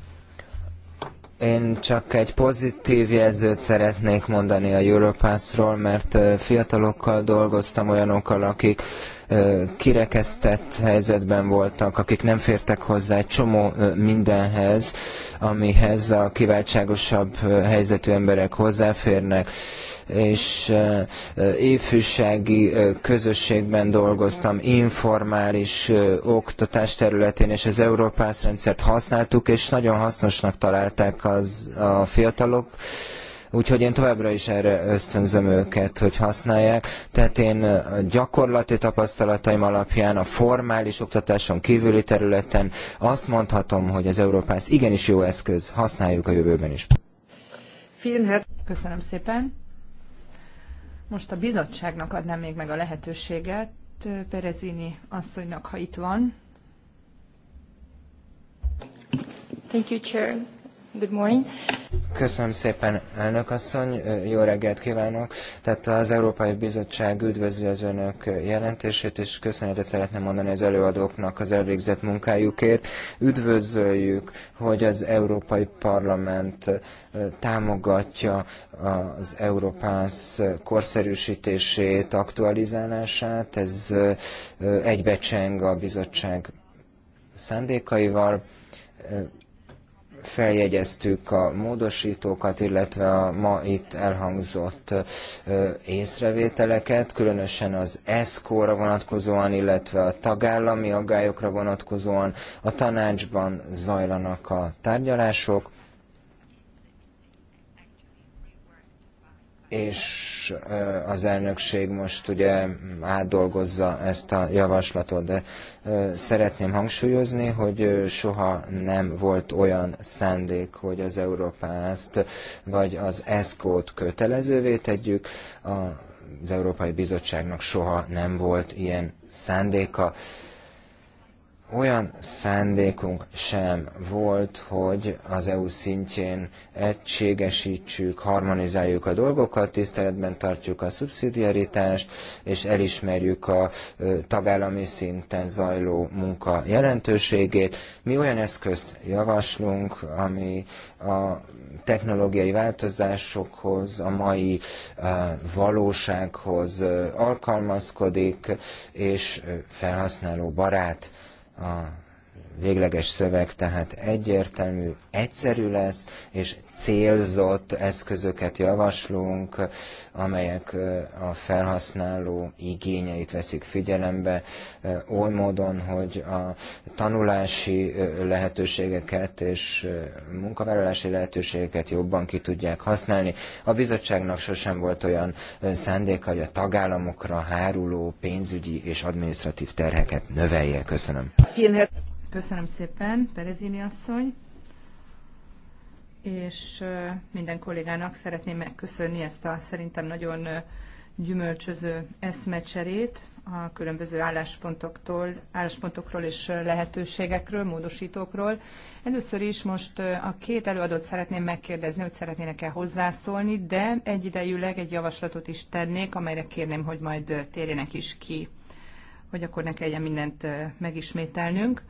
Én csak egy pozitív jelzőt szeretnék mondani a Europassról, mert fiatalokkal dolgoztam, olyanokkal, akik uh, kirekesztett helyzetben voltak, akik nem fértek hozzá egy csomó mindenhez, amihez a kiváltságosabb helyzetű emberek hozzáférnek és ifjúsági közösségben dolgoztam, informális oktatás területén, és az Európász rendszert használtuk, és nagyon hasznosnak találták az, a fiatalok, Úgyhogy én továbbra is erre ösztönzöm őket, hogy használják. Tehát én a gyakorlati tapasztalataim alapján a formális oktatáson kívüli területen azt mondhatom, hogy az Európász igenis jó eszköz, használjuk a jövőben is. Hát- Köszönöm szépen. Most a bizottságnak adnám még meg a lehetőséget, Perezini asszonynak, ha itt van. Thank you, Chair. Good morning. Köszönöm szépen, elnök asszony, jó reggelt kívánok. Tehát az Európai Bizottság üdvözli az önök jelentését, és köszönetet szeretném mondani az előadóknak az elvégzett munkájukért. Üdvözöljük, hogy az Európai Parlament támogatja az Európász korszerűsítését, aktualizálását. Ez egybecseng a bizottság szándékaival feljegyeztük a módosítókat, illetve a ma itt elhangzott észrevételeket, különösen az ESZKÓ-ra vonatkozóan, illetve a tagállami aggályokra vonatkozóan. A tanácsban zajlanak a tárgyalások, és eh, az elnökség most ugye átdolgozza ezt a javaslatot, de eh, szeretném hangsúlyozni, hogy eh, soha nem volt olyan szándék, hogy az Európázt vagy az ESCO-t kötelezővé tegyük. Az Európai Bizottságnak soha nem volt ilyen szándéka olyan szándékunk sem volt, hogy az EU szintjén egységesítsük, harmonizáljuk a dolgokat, tiszteletben tartjuk a szubszidiaritást, és elismerjük a tagállami szinten zajló munka jelentőségét. Mi olyan eszközt javaslunk, ami a technológiai változásokhoz, a mai valósághoz alkalmazkodik, és felhasználó barát a végleges szöveg tehát egyértelmű, egyszerű lesz, és célzott eszközöket javaslunk, amelyek a felhasználó igényeit veszik figyelembe, oly módon, hogy a tanulási lehetőségeket és munkavállalási lehetőségeket jobban ki tudják használni. A bizottságnak sosem volt olyan szándéka, hogy a tagállamokra háruló pénzügyi és adminisztratív terheket növelje. Köszönöm. Köszönöm szépen, Perezini asszony, és minden kollégának szeretném megköszönni ezt a szerintem nagyon gyümölcsöző eszmecserét a különböző álláspontoktól, álláspontokról és lehetőségekről, módosítókról. Először is most a két előadót szeretném megkérdezni, hogy szeretnének-e hozzászólni, de egyidejűleg egy javaslatot is tennék, amelyre kérném, hogy majd térjenek is ki, hogy akkor ne kelljen mindent megismételnünk.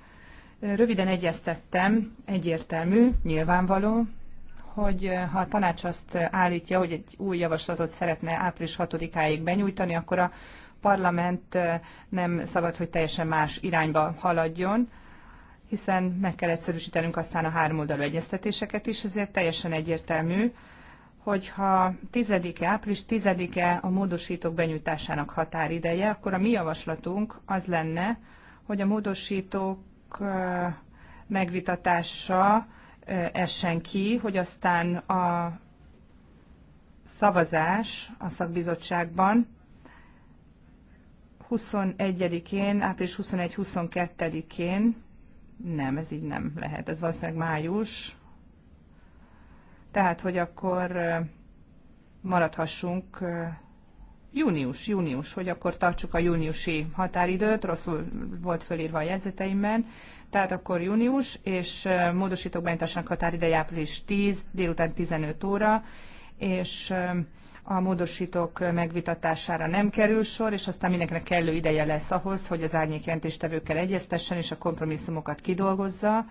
Röviden egyeztettem, egyértelmű, nyilvánvaló, hogy eh, ha a tanács azt állítja, hogy egy új javaslatot szeretne április 6-áig benyújtani, akkor a parlament eh, nem szabad, hogy teljesen más irányba haladjon, hiszen meg kell egyszerűsítenünk aztán a háromoldalú egyeztetéseket is, ezért teljesen egyértelmű, hogyha 10-e, április 10-e a módosítók benyújtásának határideje, akkor a mi javaslatunk az lenne, hogy a módosítók megvitatása essen ki, hogy aztán a szavazás a szakbizottságban 21-én, április 21-22-én, nem, ez így nem lehet, ez valószínűleg május, tehát, hogy akkor maradhassunk június, június, hogy akkor tartsuk a júniusi határidőt, rosszul volt fölírva a jegyzeteimben, tehát akkor június, és módosítók benyújtásának határideje április 10, délután 15 óra, és a módosítók megvitatására nem kerül sor, és aztán mindenkinek kellő ideje lesz ahhoz, hogy az árnyékjelentéstevőkkel egyeztessen, és a kompromisszumokat kidolgozza,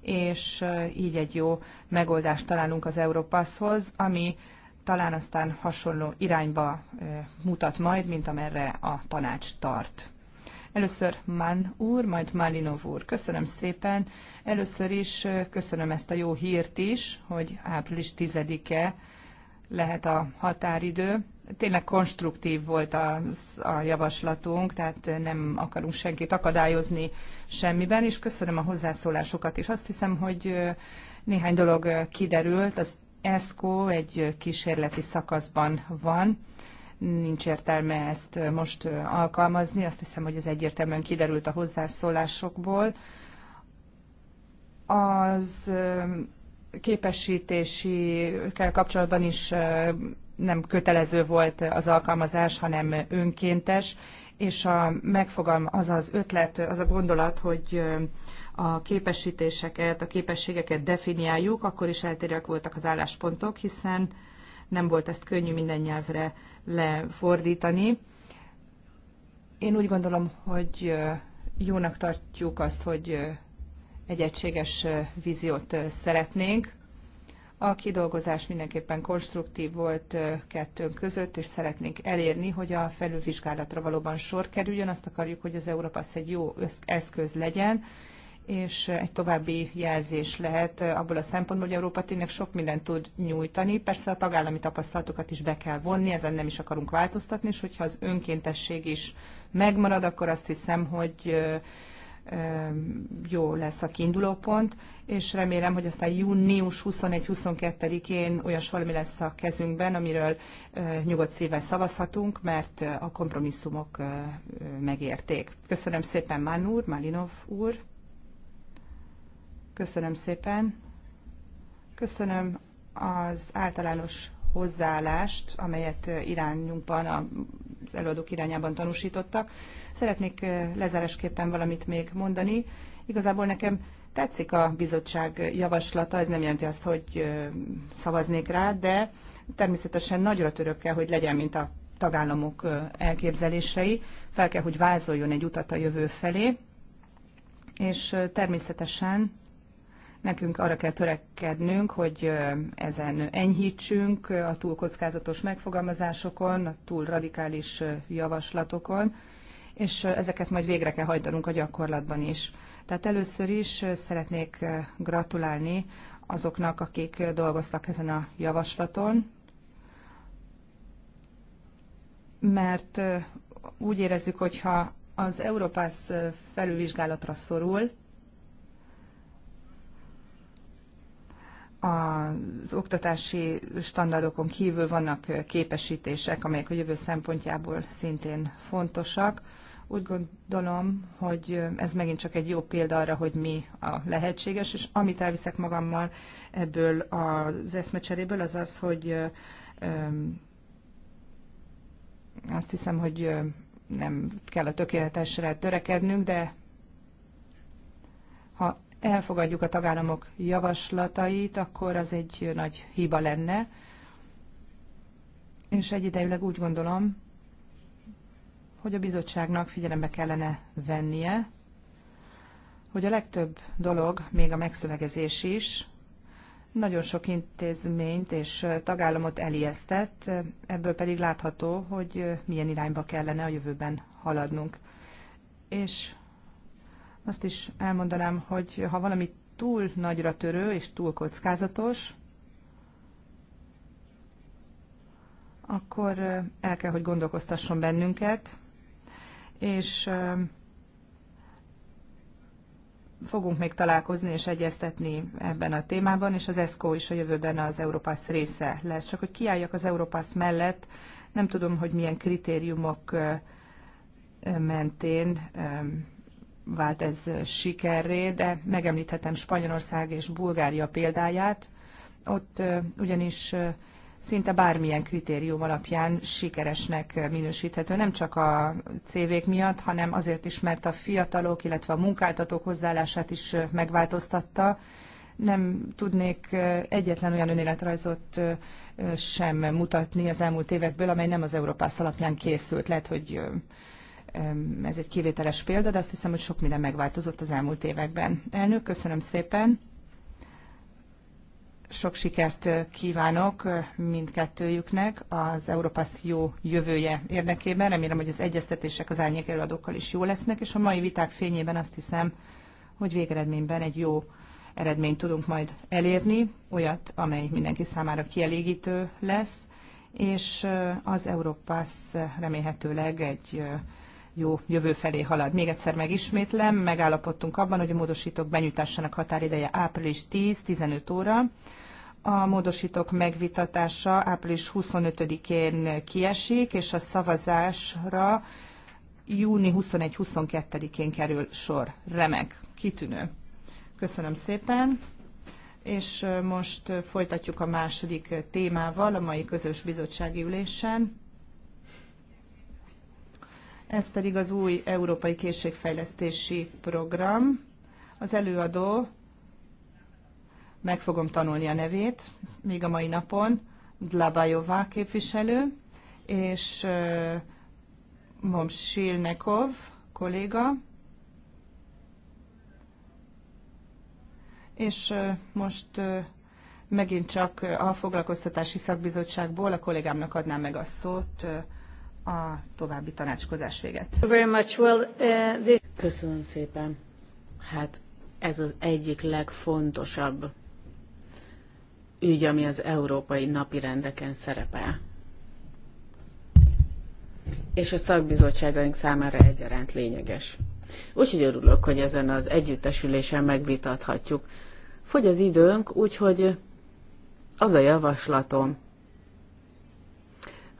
és így egy jó megoldást találunk az Európaszhoz, ami talán aztán hasonló irányba mutat majd, mint amerre a tanács tart. Először Mann úr, majd Malinov úr. Köszönöm szépen. Először is köszönöm ezt a jó hírt is, hogy április 10-e lehet a határidő. Tényleg konstruktív volt a, a javaslatunk, tehát nem akarunk senkit akadályozni semmiben, és köszönöm a hozzászólásokat is. Azt hiszem, hogy néhány dolog kiderült az ESCO egy kísérleti szakaszban van, nincs értelme ezt most alkalmazni, azt hiszem, hogy ez egyértelműen kiderült a hozzászólásokból. Az képesítésikkel kapcsolatban is nem kötelező volt az alkalmazás, hanem önkéntes, és a megfogalm, az az ötlet, az a gondolat, hogy a képesítéseket, a képességeket definiáljuk, akkor is eltérőek voltak az álláspontok, hiszen nem volt ezt könnyű minden nyelvre lefordítani. Én úgy gondolom, hogy jónak tartjuk azt, hogy egy egységes víziót szeretnénk. A kidolgozás mindenképpen konstruktív volt kettőnk között, és szeretnénk elérni, hogy a felülvizsgálatra valóban sor kerüljön. Azt akarjuk, hogy az Európa egy jó eszköz legyen, és egy további jelzés lehet abból a szempontból, hogy Európa tényleg sok mindent tud nyújtani. Persze a tagállami tapasztalatokat is be kell vonni, ezen nem is akarunk változtatni, és hogyha az önkéntesség is megmarad, akkor azt hiszem, hogy jó lesz a kiinduló pont, és remélem, hogy aztán június 21-22-én olyas valami lesz a kezünkben, amiről nyugodt szívvel szavazhatunk, mert a kompromisszumok megérték. Köszönöm szépen, Mán úr, Malinov úr. Köszönöm szépen. Köszönöm az általános hozzáállást, amelyet irányunkban, az előadók irányában tanúsítottak. Szeretnék lezárásképpen valamit még mondani. Igazából nekem tetszik a bizottság javaslata, ez nem jelenti azt, hogy szavaznék rá, de természetesen nagyra török kell, hogy legyen, mint a tagállamok elképzelései. Fel kell, hogy vázoljon egy utat a jövő felé, és természetesen Nekünk arra kell törekednünk, hogy ezen enyhítsünk a túl kockázatos megfogalmazásokon, a túl radikális javaslatokon, és ezeket majd végre kell hajtanunk a gyakorlatban is. Tehát először is szeretnék gratulálni azoknak, akik dolgoztak ezen a javaslaton, mert úgy érezzük, hogyha az Európász felülvizsgálatra szorul, az oktatási standardokon kívül vannak képesítések, amelyek a jövő szempontjából szintén fontosak. Úgy gondolom, hogy ez megint csak egy jó példa arra, hogy mi a lehetséges, és amit elviszek magammal ebből az eszmecseréből, az az, hogy azt hiszem, hogy nem kell a tökéletesre törekednünk, de elfogadjuk a tagállamok javaslatait, akkor az egy nagy hiba lenne. És egyidejűleg úgy gondolom, hogy a bizottságnak figyelembe kellene vennie, hogy a legtöbb dolog, még a megszövegezés is, nagyon sok intézményt és tagállamot elijesztett, ebből pedig látható, hogy milyen irányba kellene a jövőben haladnunk. És azt is elmondanám, hogy ha valami túl nagyra törő és túl kockázatos, akkor el kell, hogy gondolkoztasson bennünket, és fogunk még találkozni és egyeztetni ebben a témában, és az ESCO is a jövőben az Európasz része lesz. Csak hogy kiálljak az Európasz mellett, nem tudom, hogy milyen kritériumok mentén vált ez sikerré, de megemlíthetem Spanyolország és Bulgária példáját. Ott ugyanis szinte bármilyen kritérium alapján sikeresnek minősíthető, nem csak a CV-k miatt, hanem azért is, mert a fiatalok, illetve a munkáltatók hozzáállását is megváltoztatta. Nem tudnék egyetlen olyan önéletrajzot sem mutatni az elmúlt évekből, amely nem az Európász alapján készült. Lehet, hogy ez egy kivételes példa, de azt hiszem, hogy sok minden megváltozott az elmúlt években. Elnök, köszönöm szépen! Sok sikert kívánok mindkettőjüknek az Európasz jó jövője érdekében. Remélem, hogy az egyeztetések az árnyék előadókkal is jó lesznek, és a mai viták fényében azt hiszem, hogy végeredményben egy jó eredményt tudunk majd elérni, olyat, amely mindenki számára kielégítő lesz, és az Európasz remélhetőleg egy jó jövő felé halad. Még egyszer megismétlem, megállapodtunk abban, hogy a módosítók benyújtásának határideje április 10-15 óra, a módosítók megvitatása április 25-én kiesik, és a szavazásra júni 21-22-én kerül sor. Remek, kitűnő. Köszönöm szépen, és most folytatjuk a második témával a mai közös bizottsági ülésen. Ez pedig az új Európai Készségfejlesztési Program. Az előadó, meg fogom tanulni a nevét, még a mai napon, Dlabajová képviselő, és uh, Momsilnekov kolléga, és most megint csak a foglalkoztatási szakbizottságból a kollégámnak adnám meg a szót, a további tanácskozás véget. Uh, Köszönöm szépen. Hát ez az egyik legfontosabb ügy, ami az európai napi rendeken szerepel. És a szakbizottságaink számára egyaránt lényeges. Úgyhogy örülök, hogy ezen az együttesülésen megvitathatjuk. Fogy az időnk, úgyhogy az a javaslatom,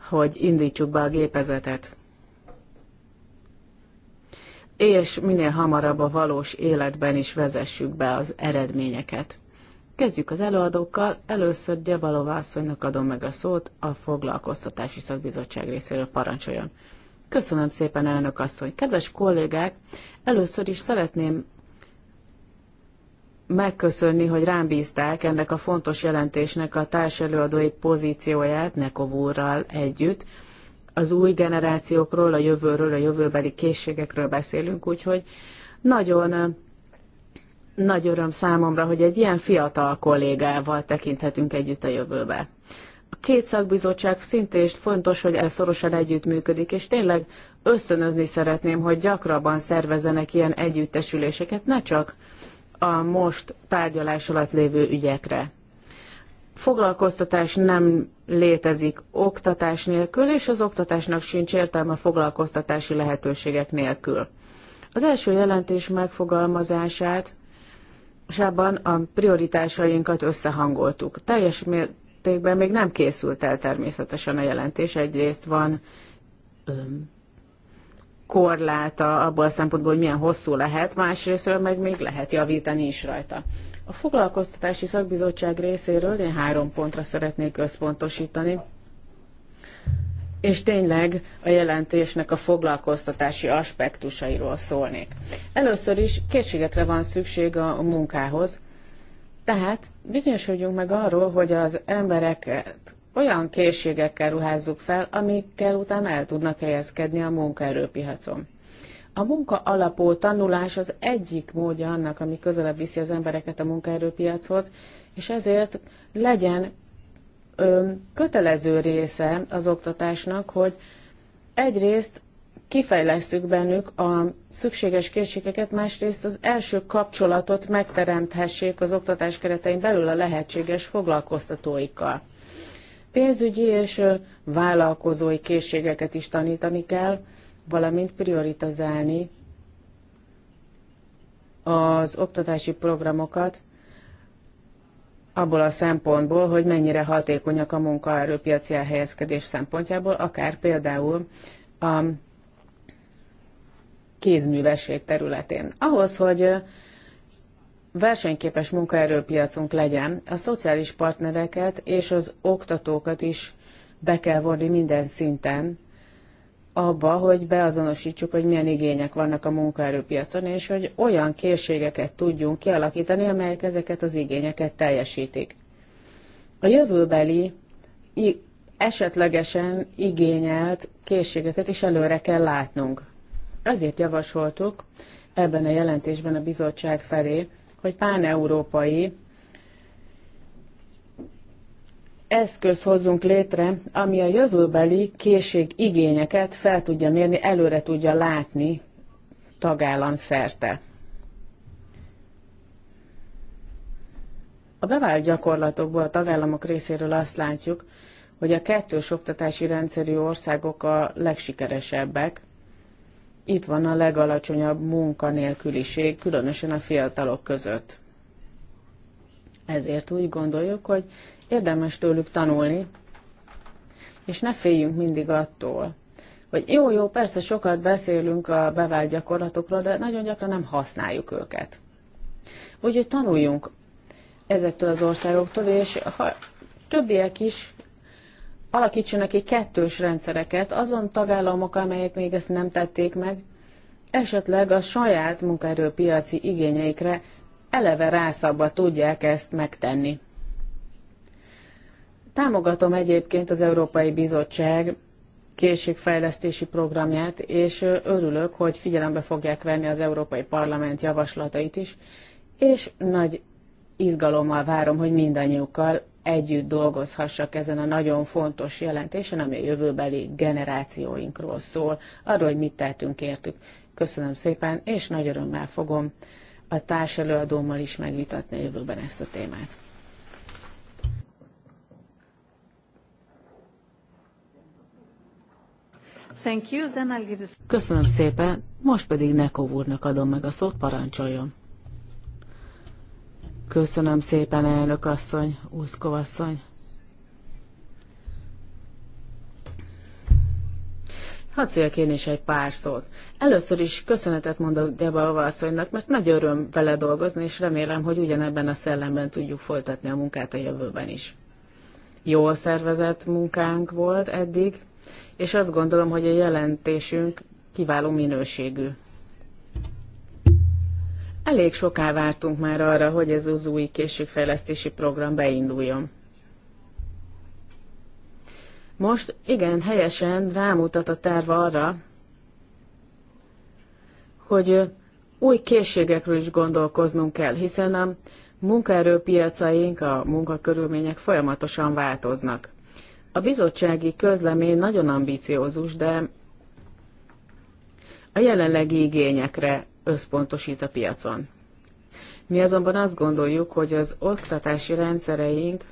hogy indítsuk be a gépezetet. És minél hamarabb a valós életben is vezessük be az eredményeket. Kezdjük az előadókkal. Először Gyebalova asszonynak adom meg a szót, a Foglalkoztatási Szakbizottság részéről parancsoljon. Köszönöm szépen, elnök asszony. Kedves kollégák, először is szeretném megköszönni, hogy rám bízták ennek a fontos jelentésnek a társelőadói pozícióját Nekov úrral együtt. Az új generációkról, a jövőről, a jövőbeli készségekről beszélünk, úgyhogy nagyon nagy öröm számomra, hogy egy ilyen fiatal kollégával tekinthetünk együtt a jövőbe. A két szakbizottság szintén fontos, hogy ez szorosan együttműködik, és tényleg ösztönözni szeretném, hogy gyakrabban szervezenek ilyen együttesüléseket, ne csak a most tárgyalás alatt lévő ügyekre. Foglalkoztatás nem létezik oktatás nélkül, és az oktatásnak sincs értelme foglalkoztatási lehetőségek nélkül. Az első jelentés megfogalmazását Sában a prioritásainkat összehangoltuk. Teljes mértékben még nem készült el természetesen a jelentés. Egyrészt van öm, korláta abból a szempontból, hogy milyen hosszú lehet, másrészt meg még lehet javítani is rajta. A foglalkoztatási szakbizottság részéről én három pontra szeretnék összpontosítani, és tényleg a jelentésnek a foglalkoztatási aspektusairól szólnék. Először is kétségekre van szükség a munkához, tehát bizonyosodjunk meg arról, hogy az embereket olyan készségekkel ruházzuk fel, amikkel után el tudnak helyezkedni a munkaerőpiacon. A munka alapú tanulás az egyik módja annak, ami közelebb viszi az embereket a munkaerőpiachoz, és ezért legyen ö, kötelező része az oktatásnak, hogy egyrészt kifejlesztjük bennük a szükséges készségeket, másrészt az első kapcsolatot megteremthessék az oktatás keretein belül a lehetséges foglalkoztatóikkal. Pénzügyi és vállalkozói készségeket is tanítani kell, valamint prioritizálni az oktatási programokat abból a szempontból, hogy mennyire hatékonyak a munkaerőpiaci elhelyezkedés szempontjából, akár például a kézművesség területén. Ahhoz, hogy versenyképes munkaerőpiacunk legyen, a szociális partnereket és az oktatókat is be kell vonni minden szinten abba, hogy beazonosítsuk, hogy milyen igények vannak a munkaerőpiacon, és hogy olyan készségeket tudjunk kialakítani, amelyek ezeket az igényeket teljesítik. A jövőbeli esetlegesen igényelt készségeket is előre kell látnunk. Ezért javasoltuk ebben a jelentésben a bizottság felé, hogy páneurópai eszközt hozzunk létre, ami a jövőbeli készség igényeket fel tudja mérni, előre tudja látni tagállam szerte. A bevált gyakorlatokból a tagállamok részéről azt látjuk, hogy a kettős oktatási rendszerű országok a legsikeresebbek, itt van a legalacsonyabb munkanélküliség, különösen a fiatalok között. Ezért úgy gondoljuk, hogy érdemes tőlük tanulni, és ne féljünk mindig attól, hogy jó, jó, persze sokat beszélünk a bevált gyakorlatokról, de nagyon gyakran nem használjuk őket. Úgyhogy tanuljunk ezektől az országoktól, és ha többiek is alakítsanak ki kettős rendszereket, azon tagállamok, amelyek még ezt nem tették meg, esetleg a saját munkaerőpiaci igényeikre eleve rászabva tudják ezt megtenni. Támogatom egyébként az Európai Bizottság készségfejlesztési programját, és örülök, hogy figyelembe fogják venni az Európai Parlament javaslatait is, és nagy izgalommal várom, hogy mindannyiukkal együtt dolgozhassak ezen a nagyon fontos jelentésen, ami a jövőbeli generációinkról szól, arról, hogy mit tettünk értük. Köszönöm szépen, és nagy örömmel fogom a társelőadómmal is megvitatni a jövőben ezt a témát. Köszönöm szépen, most pedig Nekov úrnak adom meg a szót, parancsoljon. Köszönöm szépen, elnök asszony, asszony. Hadd szóljak én is egy pár szót. Először is köszönetet mondok Gyaba asszonynak, mert nagy öröm vele dolgozni, és remélem, hogy ugyanebben a szellemben tudjuk folytatni a munkát a jövőben is. Jól szervezett munkánk volt eddig, és azt gondolom, hogy a jelentésünk kiváló minőségű Elég soká vártunk már arra, hogy ez az új készségfejlesztési program beinduljon. Most igen, helyesen rámutat a terv arra, hogy új készségekről is gondolkoznunk kell, hiszen a munkaerőpiacaink, a munkakörülmények folyamatosan változnak. A bizottsági közlemény nagyon ambiciózus, de a jelenlegi igényekre összpontosít a piacon. Mi azonban azt gondoljuk, hogy az oktatási rendszereink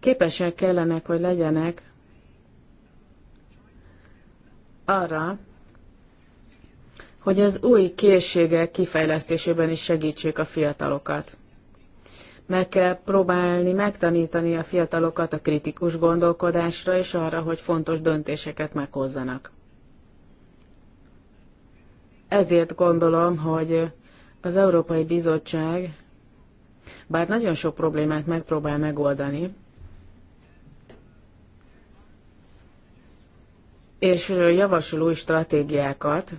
képesek kellenek, hogy legyenek arra, hogy az új készségek kifejlesztésében is segítsék a fiatalokat. Meg kell próbálni megtanítani a fiatalokat a kritikus gondolkodásra és arra, hogy fontos döntéseket meghozzanak. Ezért gondolom, hogy az Európai Bizottság bár nagyon sok problémát megpróbál megoldani, és javasol új stratégiákat,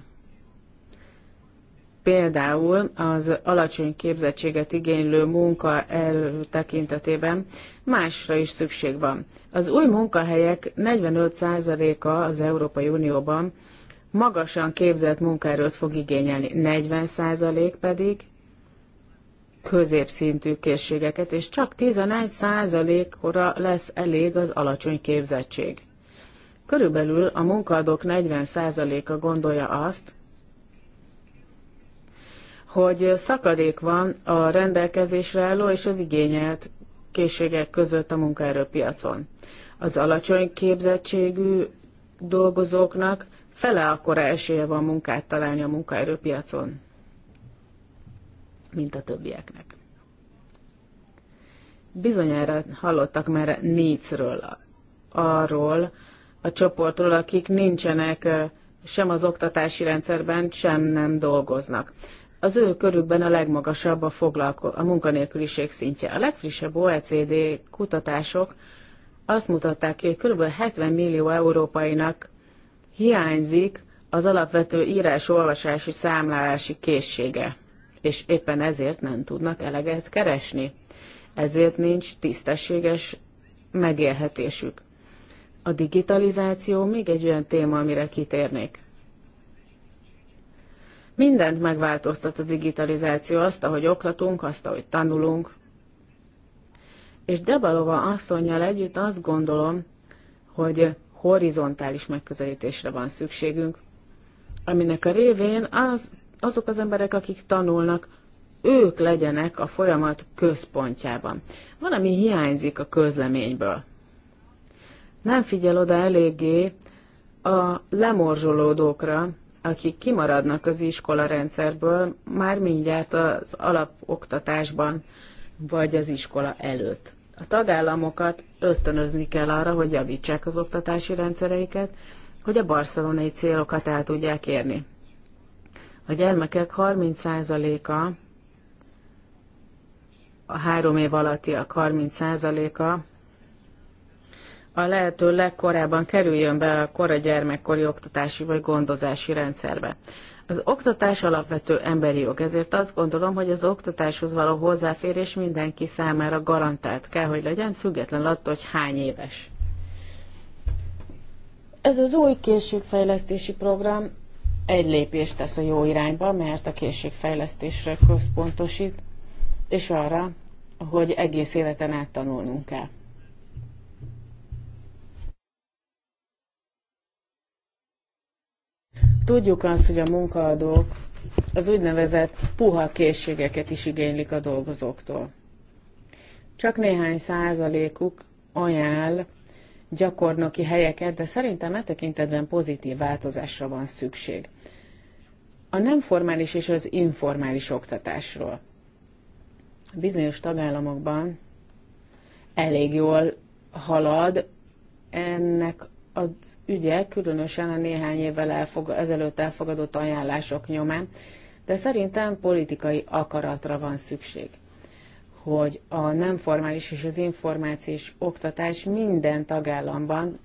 például az alacsony képzettséget igénylő munka tekintetében másra is szükség van. Az új munkahelyek 45%-a az Európai Unióban magasan képzett munkaerőt fog igényelni, 40% pedig középszintű készségeket, és csak 11%-ra lesz elég az alacsony képzettség. Körülbelül a munkaadók 40%-a gondolja azt, hogy szakadék van a rendelkezésre álló és az igényelt készségek között a munkaerőpiacon. Az alacsony képzettségű dolgozóknak fele akkora esélye van munkát találni a munkaerőpiacon, mint a többieknek. Bizonyára hallottak már négyről arról a csoportról, akik nincsenek sem az oktatási rendszerben, sem nem dolgoznak. Az ő körükben a legmagasabb a, foglalko- a munkanélküliség szintje. A legfrissebb OECD kutatások azt mutatták ki, hogy kb. 70 millió európainak hiányzik az alapvető írás-olvasási számlálási készsége, és éppen ezért nem tudnak eleget keresni. Ezért nincs tisztességes megélhetésük. A digitalizáció még egy olyan téma, amire kitérnék. Mindent megváltoztat a digitalizáció, azt, ahogy oktatunk, azt, ahogy tanulunk. És Debalova asszonynal együtt azt gondolom, hogy horizontális megközelítésre van szükségünk, aminek a révén az, azok az emberek, akik tanulnak, ők legyenek a folyamat központjában. Van, ami hiányzik a közleményből. Nem figyel oda eléggé a lemorzsolódókra, akik kimaradnak az iskola rendszerből már mindjárt az alapoktatásban, vagy az iskola előtt. A tagállamokat ösztönözni kell arra, hogy javítsák az oktatási rendszereiket, hogy a barcelonai célokat el tudják érni. A gyermekek 30%-a, a három év alattiak 30%-a a lehető legkorábban kerüljön be a kora gyermekkori oktatási vagy gondozási rendszerbe. Az oktatás alapvető emberi jog, ezért azt gondolom, hogy az oktatáshoz való hozzáférés mindenki számára garantált kell, hogy legyen, független attól, hogy hány éves. Ez az új készségfejlesztési program egy lépést tesz a jó irányba, mert a készségfejlesztésre központosít, és arra, hogy egész életen át tanulnunk kell. Tudjuk azt, hogy a munkaadók az úgynevezett puha készségeket is igénylik a dolgozóktól. Csak néhány százalékuk ajánl gyakornoki helyeket, de szerintem e tekintetben pozitív változásra van szükség. A nem formális és az informális oktatásról. Bizonyos tagállamokban elég jól halad ennek az ügye, különösen a néhány évvel elfog, ezelőtt elfogadott ajánlások nyomán, de szerintem politikai akaratra van szükség, hogy a nem formális és az információs oktatás minden tagállamban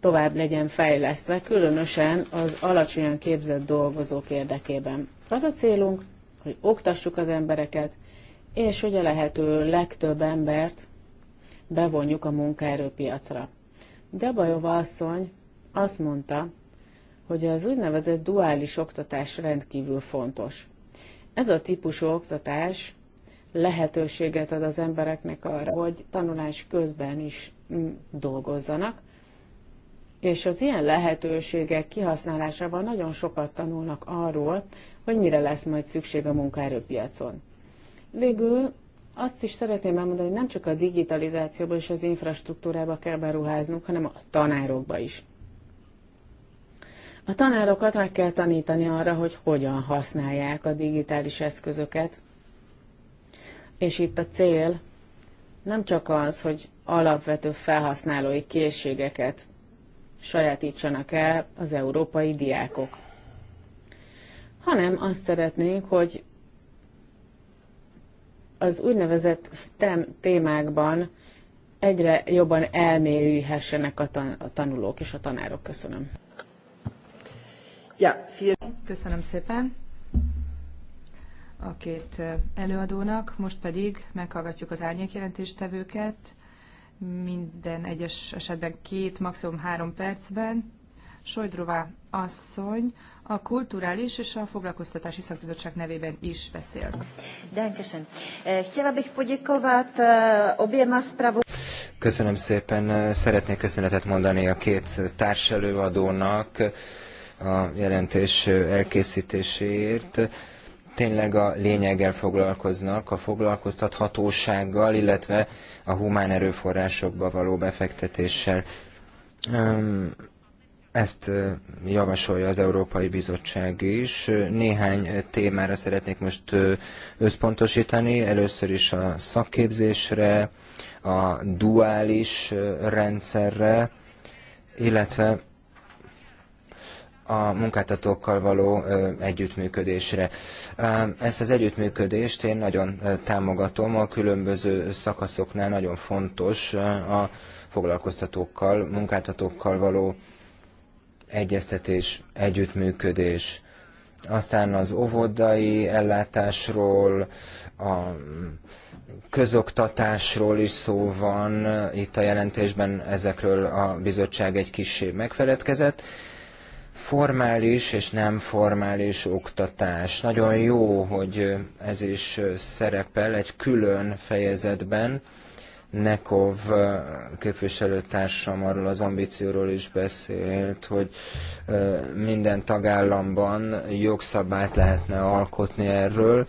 tovább legyen fejlesztve, különösen az alacsonyan képzett dolgozók érdekében. Az a célunk, hogy oktassuk az embereket, és hogy a lehető legtöbb embert bevonjuk a munkaerőpiacra. De Bajova asszony azt mondta, hogy az úgynevezett duális oktatás rendkívül fontos. Ez a típusú oktatás lehetőséget ad az embereknek arra, hogy tanulás közben is mm, dolgozzanak, és az ilyen lehetőségek kihasználásával nagyon sokat tanulnak arról, hogy mire lesz majd szükség a munkaerőpiacon. Végül azt is szeretném elmondani, hogy nem csak a digitalizációba és az infrastruktúrába kell beruháznunk, hanem a tanárokba is. A tanárokat meg kell tanítani arra, hogy hogyan használják a digitális eszközöket. És itt a cél nem csak az, hogy alapvető felhasználói készségeket sajátítsanak el az európai diákok, hanem azt szeretnénk, hogy az úgynevezett STEM témákban egyre jobban elmélyülhessenek a, tan- a tanulók és a tanárok. Köszönöm. Ja, Köszönöm szépen a két előadónak, most pedig meghallgatjuk az árnyékjelentéstevőket, minden egyes esetben két, maximum három percben. Sojdrová asszony, a kulturális és a foglalkoztatási szakbizottság nevében is beszél. Eh, chtěla bych poděkovat eh, oběma Köszönöm szépen. Eh, szeretnék köszönetet mondani a két társelőadónak a jelentés elkészítéséért tényleg a lényeggel foglalkoznak, a foglalkoztathatósággal, illetve a humán erőforrásokba való befektetéssel. Ezt javasolja az Európai Bizottság is. Néhány témára szeretnék most összpontosítani. Először is a szakképzésre, a duális rendszerre, illetve a munkáltatókkal való együttműködésre. Ezt az együttműködést én nagyon támogatom, a különböző szakaszoknál nagyon fontos a foglalkoztatókkal, munkáltatókkal való egyeztetés, együttműködés. Aztán az óvodai ellátásról, a közoktatásról is szó van, itt a jelentésben ezekről a bizottság egy kicsi megfeledkezett. Formális és nem formális oktatás. Nagyon jó, hogy ez is szerepel egy külön fejezetben, Nekov képviselőtársam arról az ambícióról is beszélt, hogy minden tagállamban jogszabályt lehetne alkotni erről.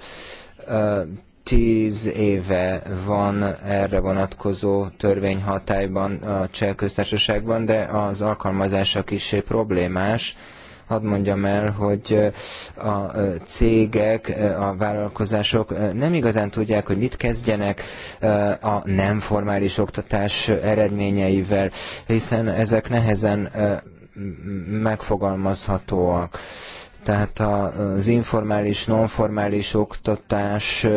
Tíz éve van erre vonatkozó törvény hatályban a cseh köztársaságban, de az alkalmazása kisé problémás hadd mondjam el, hogy a cégek, a vállalkozások nem igazán tudják, hogy mit kezdjenek a nem formális oktatás eredményeivel, hiszen ezek nehezen megfogalmazhatóak. Tehát az informális, nonformális oktatás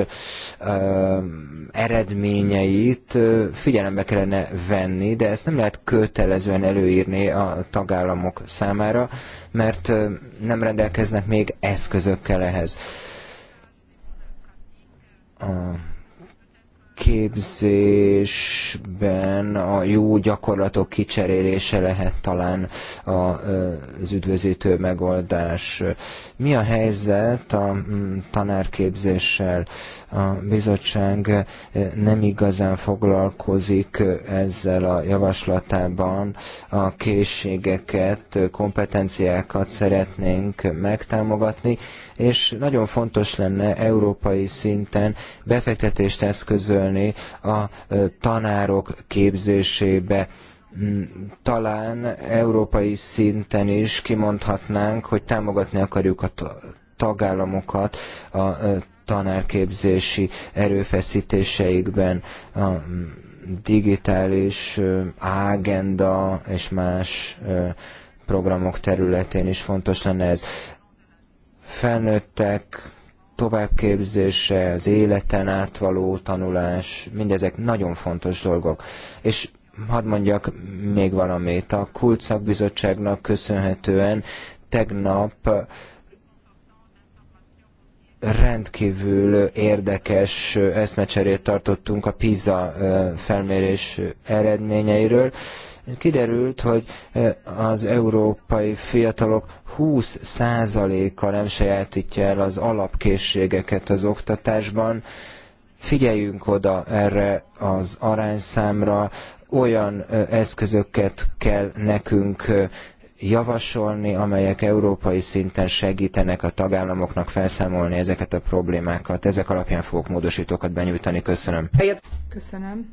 eredményeit figyelembe kellene venni, de ezt nem lehet kötelezően előírni a tagállamok számára, mert nem rendelkeznek még eszközökkel ehhez. A képzésben a jó gyakorlatok kicserélése lehet talán az üdvözítő megoldás. Mi a helyzet a mm, tanárképzéssel? A bizottság e, nem igazán foglalkozik e, ezzel a javaslatában. A készségeket, kompetenciákat szeretnénk megtámogatni, és nagyon fontos lenne európai szinten befektetést eszközölni belekerülni a tanárok képzésébe hmm, talán európai szinten is kimondhatnánk, hogy támogatni akarjuk a tagállamokat a tanárképzési erőfeszítéseikben a hmm, digitális ágenda és más programok területén is fontos lenne ez. Felnőttek továbbképzése, az életen átvaló tanulás, mindezek nagyon fontos dolgok. És hadd mondjak még valamit. A kulcsakbizottságnak köszönhetően tegnap rendkívül érdekes eszmecserét tartottunk a PISA felmérés eredményeiről. Kiderült, hogy az európai fiatalok 20%-a nem sajátítja el az alapkészségeket az oktatásban. Figyeljünk oda erre az arányszámra, olyan eszközöket kell nekünk javasolni, amelyek európai szinten segítenek a tagállamoknak felszámolni ezeket a problémákat. Ezek alapján fogok módosítókat benyújtani. Köszönöm. Köszönöm.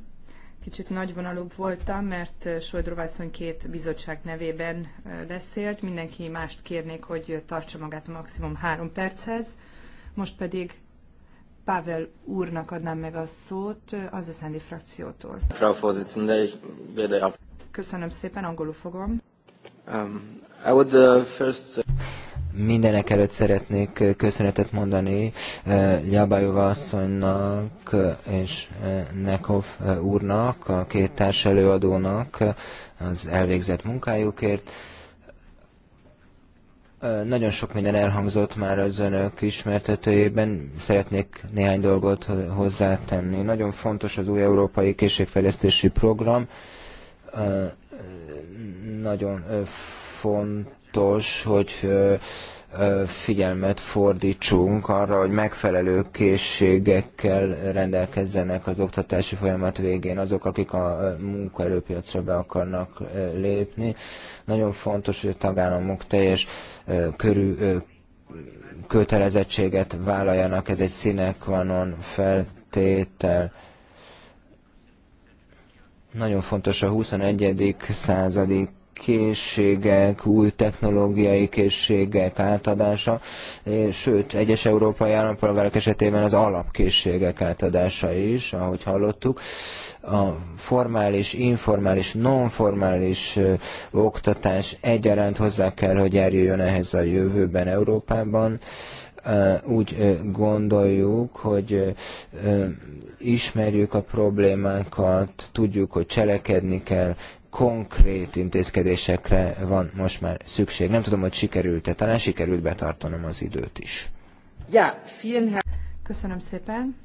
Kicsit nagyvonalúbb voltam, mert Sojdrovászony két bizottság nevében beszélt. Mindenki mást kérnék, hogy tartsa magát a maximum három perchez. Most pedig Pavel úrnak adnám meg a szót az SZND frakciótól. Frau Vorsitzende, Köszönöm szépen, angolul fogom. Um, I would, uh, first... Mindenek előtt szeretnék köszönetet mondani Jabajova asszonynak és Nekov úrnak, a két társelőadónak az elvégzett munkájukért. Nagyon sok minden elhangzott már az önök ismertetőjében, szeretnék néhány dolgot hozzátenni. Nagyon fontos az új európai készségfejlesztési program, nagyon fontos fontos, hogy figyelmet fordítsunk arra, hogy megfelelő készségekkel rendelkezzenek az oktatási folyamat végén azok, akik a munkaerőpiacra be akarnak lépni. Nagyon fontos, hogy a tagállamok teljes körű kötelezettséget vállaljanak, ez egy színek vanon feltétel nagyon fontos a 21. századi készségek, új technológiai készségek átadása, sőt, egyes európai állampolgárok esetében az alapkészségek átadása is, ahogy hallottuk. A formális, informális, nonformális oktatás egyaránt hozzá kell, hogy járjon ehhez a jövőben Európában úgy gondoljuk, hogy ismerjük a problémákat, tudjuk, hogy cselekedni kell, konkrét intézkedésekre van most már szükség. Nem tudom, hogy sikerült-e, talán sikerült betartanom az időt is. Ja, Köszönöm szépen.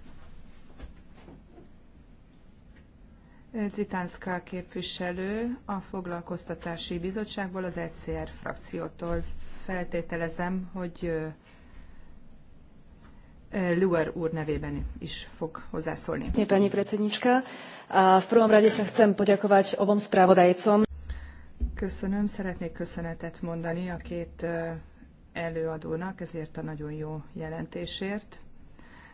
Zitánszka képviselő a Foglalkoztatási Bizottságból, az ECR frakciótól. Feltételezem, hogy Luer úr nevében is fog hozzászólni. Pani predsednička, a v prvom rade sa chcem poďakovať obom spravodajcom. Köszönöm, szeretnék köszönetet mondani a két előadónak ezért a nagyon jó jelentésért.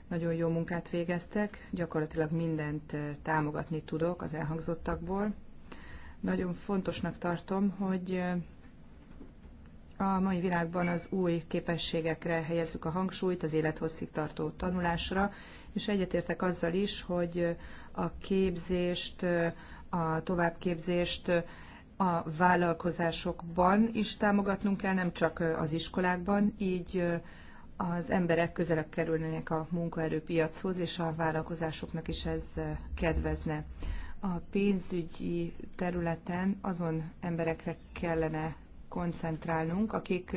Nagyon jó munkát végeztek, gyakorlatilag mindent támogatni tudok az elhangzottakból. Nagyon fontosnak tartom, hogy a mai világban az új képességekre helyezzük a hangsúlyt, az élethosszig tartó tanulásra, és egyetértek azzal is, hogy a képzést, a továbbképzést a vállalkozásokban is támogatnunk kell, nem csak az iskolákban, így az emberek közelebb kerülnének a munkaerőpiachoz, és a vállalkozásoknak is ez kedvezne. A pénzügyi területen azon emberekre kellene koncentrálnunk, akik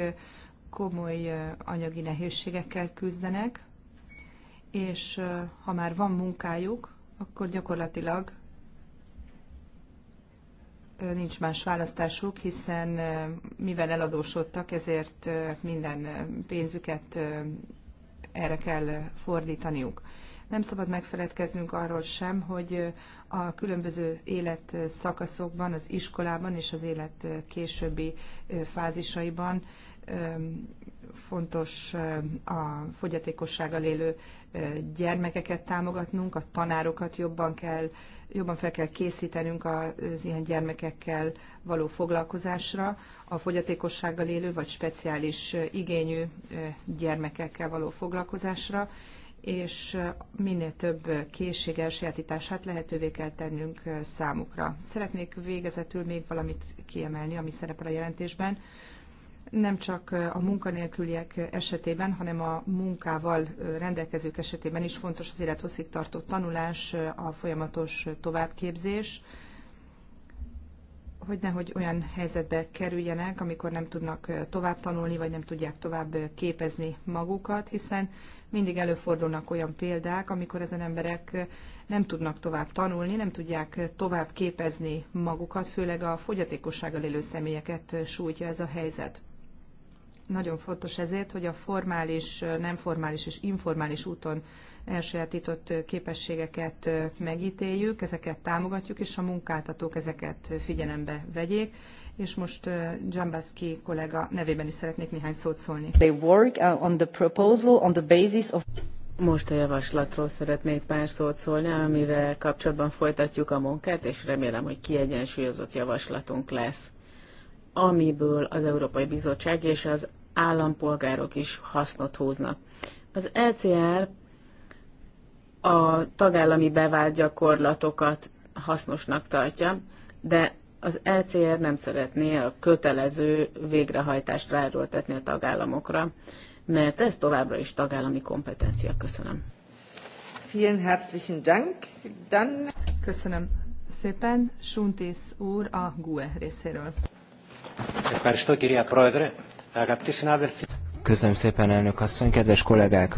komoly anyagi nehézségekkel küzdenek, és ha már van munkájuk, akkor gyakorlatilag nincs más választásuk, hiszen mivel eladósodtak, ezért minden pénzüket erre kell fordítaniuk. Nem szabad megfeledkeznünk arról sem, hogy a különböző életszakaszokban, az iskolában és az élet későbbi fázisaiban fontos a fogyatékossággal élő gyermekeket támogatnunk, a tanárokat jobban kell, jobban fel kell készítenünk az ilyen gyermekekkel való foglalkozásra, a fogyatékossággal élő vagy speciális igényű gyermekekkel való foglalkozásra, és minél több készség elsajátítását lehetővé kell tennünk számukra. Szeretnék végezetül még valamit kiemelni, ami szerepel a jelentésben. Nem csak a munkanélküliek esetében, hanem a munkával rendelkezők esetében is fontos az élethosszig tartó tanulás, a folyamatos továbbképzés, hogy nehogy olyan helyzetbe kerüljenek, amikor nem tudnak tovább tanulni, vagy nem tudják tovább képezni magukat, hiszen mindig előfordulnak olyan példák, amikor ezen emberek nem tudnak tovább tanulni, nem tudják tovább képezni magukat, főleg a fogyatékossággal élő személyeket sújtja ez a helyzet. Nagyon fontos ezért, hogy a formális, nem formális és informális úton elsajátított képességeket megítéljük, ezeket támogatjuk, és a munkáltatók ezeket figyelembe vegyék. És most Jambaszki kollega nevében is szeretnék néhány szót szólni. They work uh, on the proposal on the basis of... Most a javaslatról szeretnék pár szót szólni, amivel kapcsolatban folytatjuk a munkát, és remélem, hogy kiegyensúlyozott javaslatunk lesz, amiből az Európai Bizottság és az állampolgárok is hasznot húznak. Az ECR a tagállami bevált gyakorlatokat hasznosnak tartja, de az ECR nem szeretné a kötelező végrehajtást ráerőltetni a tagállamokra, mert ez továbbra is tagállami kompetencia. Köszönöm. Vielen herzlichen Dank. Dann... Köszönöm szépen. Suntis úr a GUE részéről. Köszönöm, Köszönöm szépen, elnök asszony, kedves kollégák!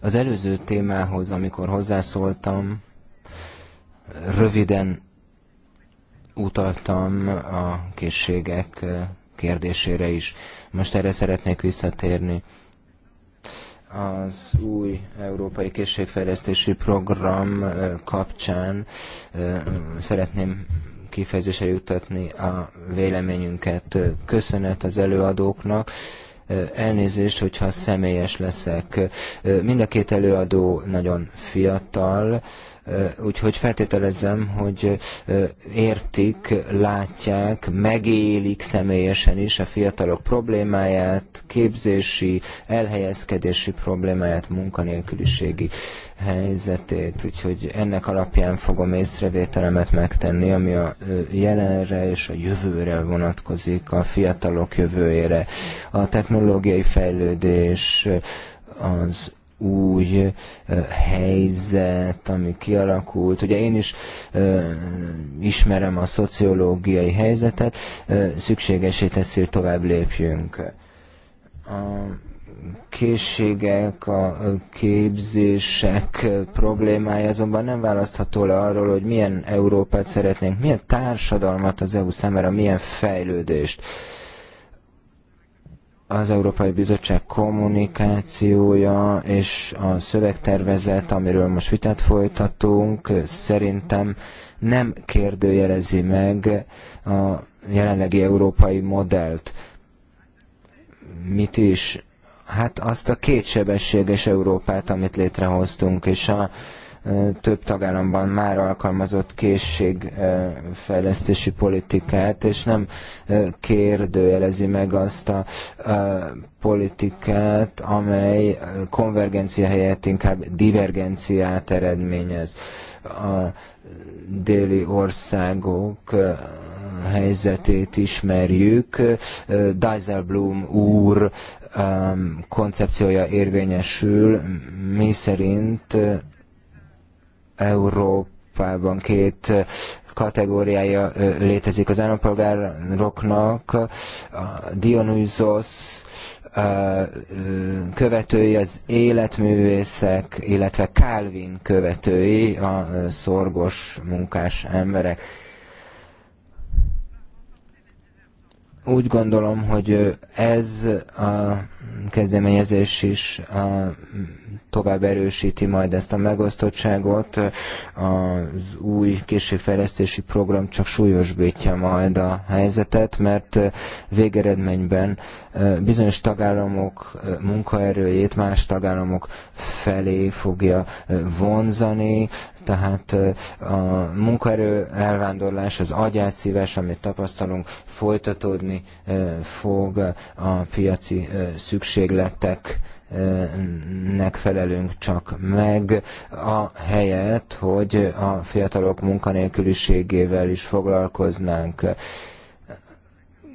Az előző témához, amikor hozzászóltam, röviden utaltam a készségek kérdésére is. Most erre szeretnék visszatérni. Az új Európai Készségfejlesztési Program kapcsán szeretném kifejezésre jutatni a véleményünket. Köszönet az előadóknak, elnézést, hogyha személyes leszek. Mind a két előadó nagyon fiatal, Úgyhogy feltételezem, hogy értik, látják, megélik személyesen is a fiatalok problémáját, képzési, elhelyezkedési problémáját, munkanélküliségi helyzetét, úgyhogy ennek alapján fogom észrevételemet megtenni, ami a jelenre és a jövőre vonatkozik, a fiatalok jövőjére. A technológiai fejlődés, az új helyzet, ami kialakult. Ugye én is ismerem a szociológiai helyzetet, szükségesé teszi, hogy tovább lépjünk. A készségek, a képzések problémája azonban nem választható le arról, hogy milyen Európát szeretnénk, milyen társadalmat az EU számára, milyen fejlődést az Európai Bizottság kommunikációja és a szövegtervezet, amiről most vitát folytatunk, szerintem nem kérdőjelezi meg a jelenlegi európai modellt. Mit is? Hát azt a kétsebességes Európát, amit létrehoztunk, és a több tagállamban már alkalmazott készségfejlesztési politikát, és nem kérdőjelezi meg azt a politikát, amely konvergencia helyett inkább divergenciát eredményez. A déli országok helyzetét ismerjük. Dijsselbloem úr koncepciója érvényesül, mi szerint Európában két kategóriája létezik az állampolgároknak, a Dionysos követői az életművészek, illetve Calvin követői a szorgos munkás emberek. Úgy gondolom, hogy ez a kezdeményezés is a tovább erősíti majd ezt a megosztottságot, az új készségfejlesztési program csak súlyosbítja majd a helyzetet, mert végeredményben bizonyos tagállamok munkaerőjét más tagállamok felé fogja vonzani, tehát a munkaerő elvándorlás, az agyászívás, amit tapasztalunk, folytatódni fog a piaci szükségletek nek felelünk csak meg, a helyet, hogy a fiatalok munkanélküliségével is foglalkoznánk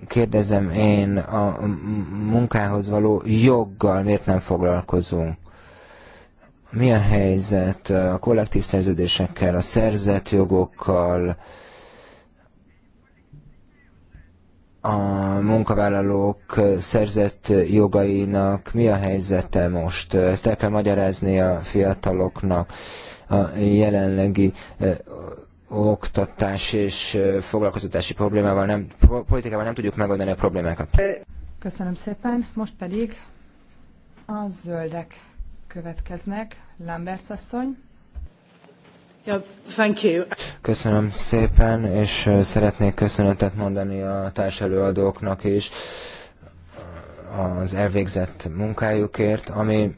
kérdezem én, a munkához való joggal miért nem foglalkozunk? Mi a helyzet a kollektív szerződésekkel, a szerzett jogokkal, a munkavállalók szerzett jogainak mi a helyzete most? Ezt el kell magyarázni a fiataloknak a jelenlegi oktatás és foglalkoztatási problémával nem, politikával nem tudjuk megoldani a problémákat. Köszönöm szépen. Most pedig a zöldek következnek. Lambert asszony. Köszönöm szépen, és szeretnék köszönetet mondani a társelőadóknak is az elvégzett munkájukért, ami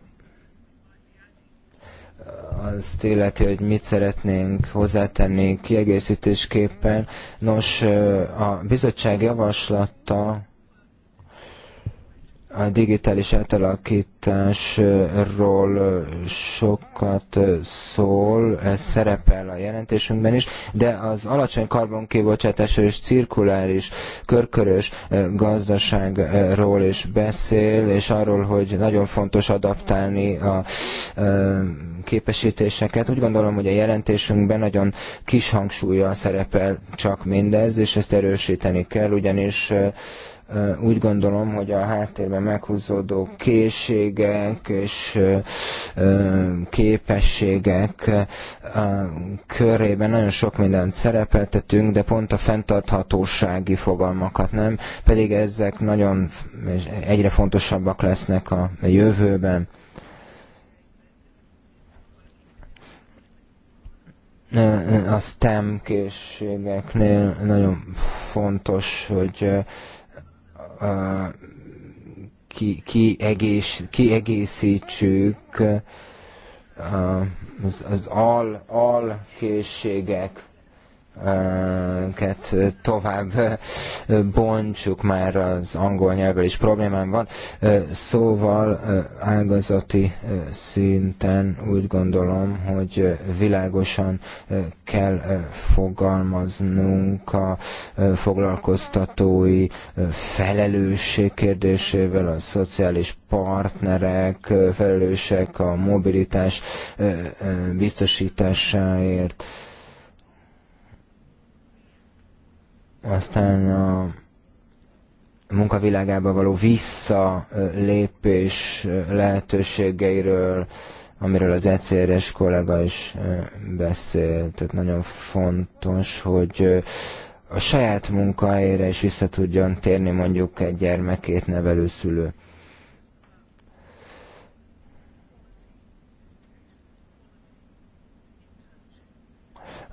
azt illeti, hogy mit szeretnénk hozzátenni kiegészítésképpen. Nos, a bizottság javaslata a digitális átalakításról sokat szól, ez szerepel a jelentésünkben is, de az alacsony karbonkibocsátásról és cirkuláris, körkörös gazdaságról is beszél, és arról, hogy nagyon fontos adaptálni a képesítéseket. Úgy gondolom, hogy a jelentésünkben nagyon kis hangsúlyjal szerepel csak mindez, és ezt erősíteni kell, ugyanis úgy gondolom, hogy a háttérben meghúzódó készségek és képességek körében nagyon sok mindent szerepeltetünk, de pont a fenntarthatósági fogalmakat nem, pedig ezek nagyon egyre fontosabbak lesznek a jövőben. A STEM készségeknél nagyon fontos, hogy kiegészítsük ki, ki egész, az, az al, al készségek ket tovább bontsuk, már az angol nyelvvel is problémám van. Szóval ágazati szinten úgy gondolom, hogy világosan kell fogalmaznunk a foglalkoztatói felelősség kérdésével, a szociális partnerek felelősek a mobilitás biztosításáért, Aztán a munkavilágába való visszalépés lehetőségeiről, amiről az ECRS kollega is beszélt. Tehát nagyon fontos, hogy a saját munkahelyére is vissza tudjon térni mondjuk egy gyermekét nevelő szülő.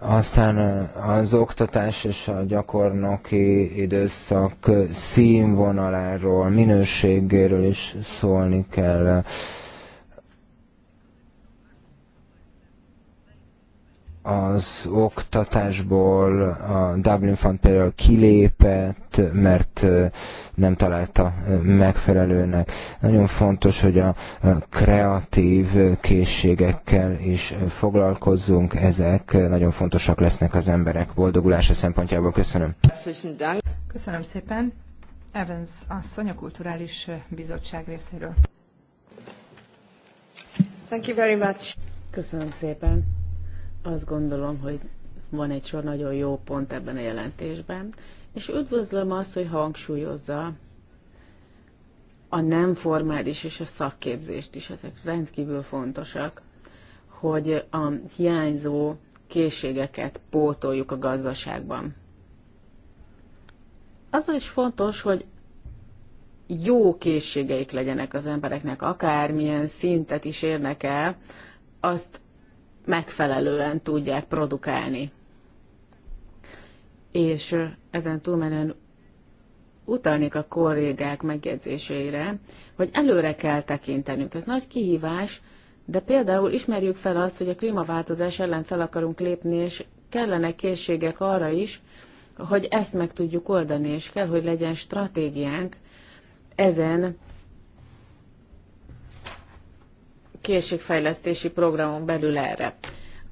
Aztán az oktatás és a gyakornoki időszak színvonaláról, minőségéről is szólni kell az oktatásból a Dublin Fund például kilépett, mert nem találta megfelelőnek. Nagyon fontos, hogy a kreatív készségekkel is foglalkozzunk, ezek nagyon fontosak lesznek az emberek boldogulása szempontjából. Köszönöm. Köszönöm szépen. Evans a a Kulturális Bizottság részéről. Thank you very much. Köszönöm szépen. Azt gondolom, hogy van egy sor nagyon jó pont ebben a jelentésben, és üdvözlöm azt, hogy hangsúlyozza a nem formális és a szakképzést is, ezek rendkívül fontosak, hogy a hiányzó készségeket pótoljuk a gazdaságban. Az is fontos, hogy jó készségeik legyenek az embereknek, akármilyen szintet is érnek el, azt megfelelően tudják produkálni. És ezen túlmenően utalnék a kollégák megjegyzéseire, hogy előre kell tekintenünk. Ez nagy kihívás, de például ismerjük fel azt, hogy a klímaváltozás ellen fel akarunk lépni, és kellene készségek arra is, hogy ezt meg tudjuk oldani, és kell, hogy legyen stratégiánk ezen készségfejlesztési programon belül erre.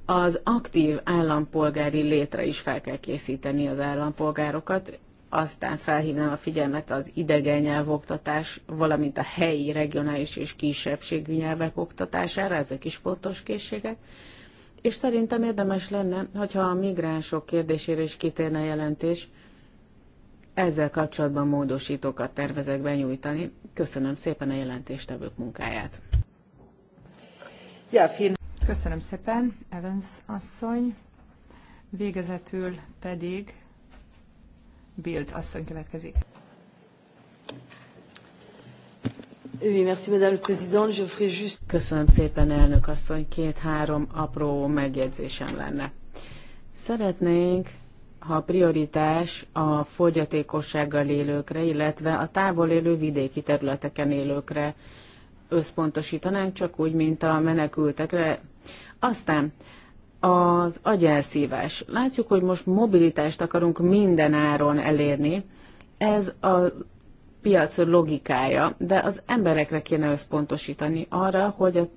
Az aktív állampolgári létre is fel kell készíteni az állampolgárokat, aztán felhívnám a figyelmet az idegen oktatás, valamint a helyi, regionális és kisebbségű nyelvek oktatására, ezek is fontos készségek. És szerintem érdemes lenne, hogyha a migránsok kérdésére is kitérne a jelentés, ezzel kapcsolatban módosítókat tervezek benyújtani. Köszönöm szépen a jelentéstevők munkáját. Köszönöm szépen, Evans asszony. Végezetül pedig Bild asszony következik. Köszönöm szépen, elnök asszony. Két-három apró megjegyzésem lenne. Szeretnénk, ha a prioritás a fogyatékossággal élőkre, illetve a távol élő vidéki területeken élőkre összpontosítanánk, csak úgy, mint a menekültekre. Aztán az agyelszívás. Látjuk, hogy most mobilitást akarunk minden áron elérni. Ez a piac logikája, de az emberekre kéne összpontosítani arra, hogy a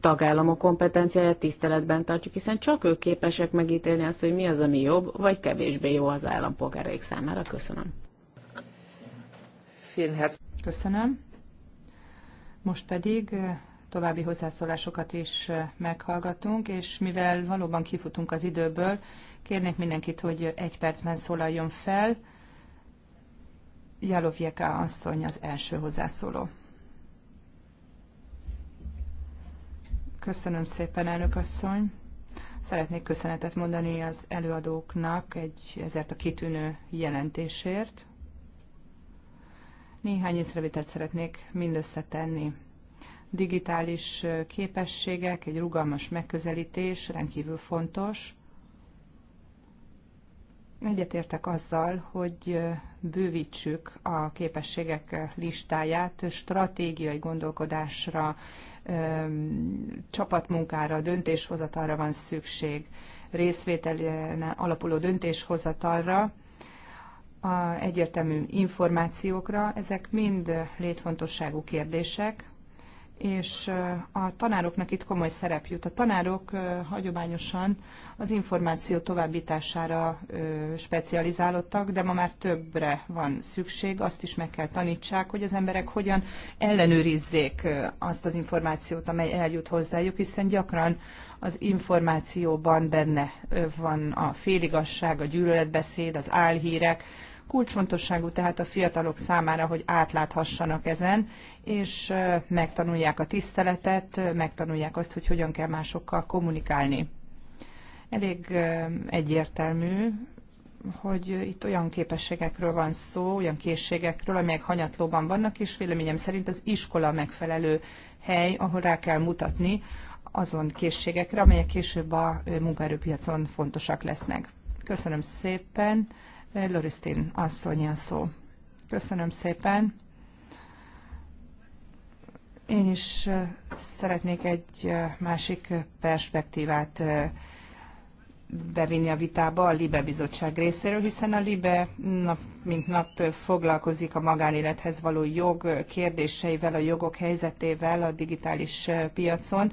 tagállamok kompetenciáját tiszteletben tartjuk, hiszen csak ők képesek megítélni azt, hogy mi az, ami jobb, vagy kevésbé jó az állampolgáraik számára. Köszönöm. Köszönöm. Most pedig további hozzászólásokat is meghallgatunk, és mivel valóban kifutunk az időből, kérnék mindenkit, hogy egy percben szólaljon fel. Jalovjeka asszony az első hozzászóló. Köszönöm szépen, elnök asszony. Szeretnék köszönetet mondani az előadóknak egy, ezért a kitűnő jelentésért. Néhány észrevételt szeretnék mindössze tenni. Digitális képességek, egy rugalmas megközelítés rendkívül fontos. Egyetértek azzal, hogy bővítsük a képességek listáját stratégiai gondolkodásra, csapatmunkára, döntéshozatalra van szükség, részvételen alapuló döntéshozatalra, a egyértelmű információkra, ezek mind létfontosságú kérdések, és a tanároknak itt komoly szerep jut. A tanárok hagyományosan az információ továbbítására specializálódtak, de ma már többre van szükség. Azt is meg kell tanítsák, hogy az emberek hogyan ellenőrizzék azt az információt, amely eljut hozzájuk, hiszen gyakran az információban benne van a féligasság, a gyűlöletbeszéd, az álhírek, Kulcsfontosságú tehát a fiatalok számára, hogy átláthassanak ezen, és megtanulják a tiszteletet, megtanulják azt, hogy hogyan kell másokkal kommunikálni. Elég egyértelmű, hogy itt olyan képességekről van szó, olyan készségekről, amelyek hanyatlóban vannak, és véleményem szerint az iskola megfelelő hely, ahol rá kell mutatni azon készségekre, amelyek később a munkaerőpiacon fontosak lesznek. Köszönöm szépen! Lörisztin asszony a szó. Köszönöm szépen. Én is szeretnék egy másik perspektívát bevinni a vitába a LIBE bizottság részéről, hiszen a LIBE nap, mint nap foglalkozik a magánélethez való jog kérdéseivel, a jogok helyzetével a digitális piacon.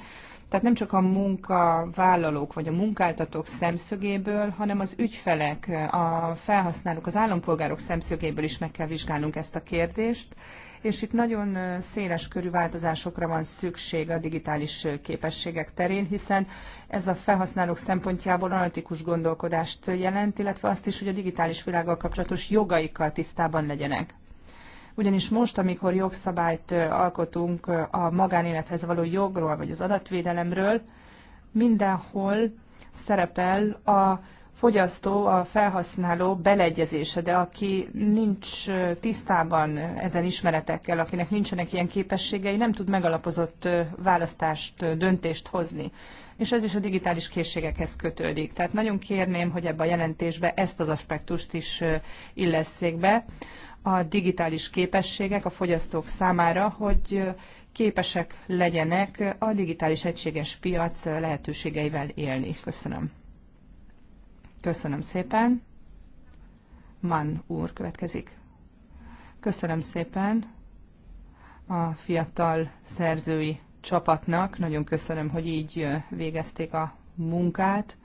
Tehát nem csak a munkavállalók vagy a munkáltatók szemszögéből, hanem az ügyfelek, a felhasználók, az állampolgárok szemszögéből is meg kell vizsgálnunk ezt a kérdést, és itt nagyon széles körű változásokra van szükség a digitális képességek terén, hiszen ez a felhasználók szempontjából analitikus gondolkodást jelent, illetve azt is, hogy a digitális világgal kapcsolatos jogaikkal tisztában legyenek ugyanis most, amikor jogszabályt alkotunk a magánélethez való jogról, vagy az adatvédelemről, mindenhol szerepel a fogyasztó, a felhasználó beleegyezése, de aki nincs tisztában ezen ismeretekkel, akinek nincsenek ilyen képességei, nem tud megalapozott választást, döntést hozni. És ez is a digitális készségekhez kötődik. Tehát nagyon kérném, hogy ebbe a jelentésbe ezt az aspektust is illesszék be, a digitális képességek a fogyasztók számára, hogy képesek legyenek a digitális egységes piac lehetőségeivel élni. Köszönöm. Köszönöm szépen. Man úr következik. Köszönöm szépen a fiatal szerzői csapatnak. Nagyon köszönöm, hogy így végezték a munkát.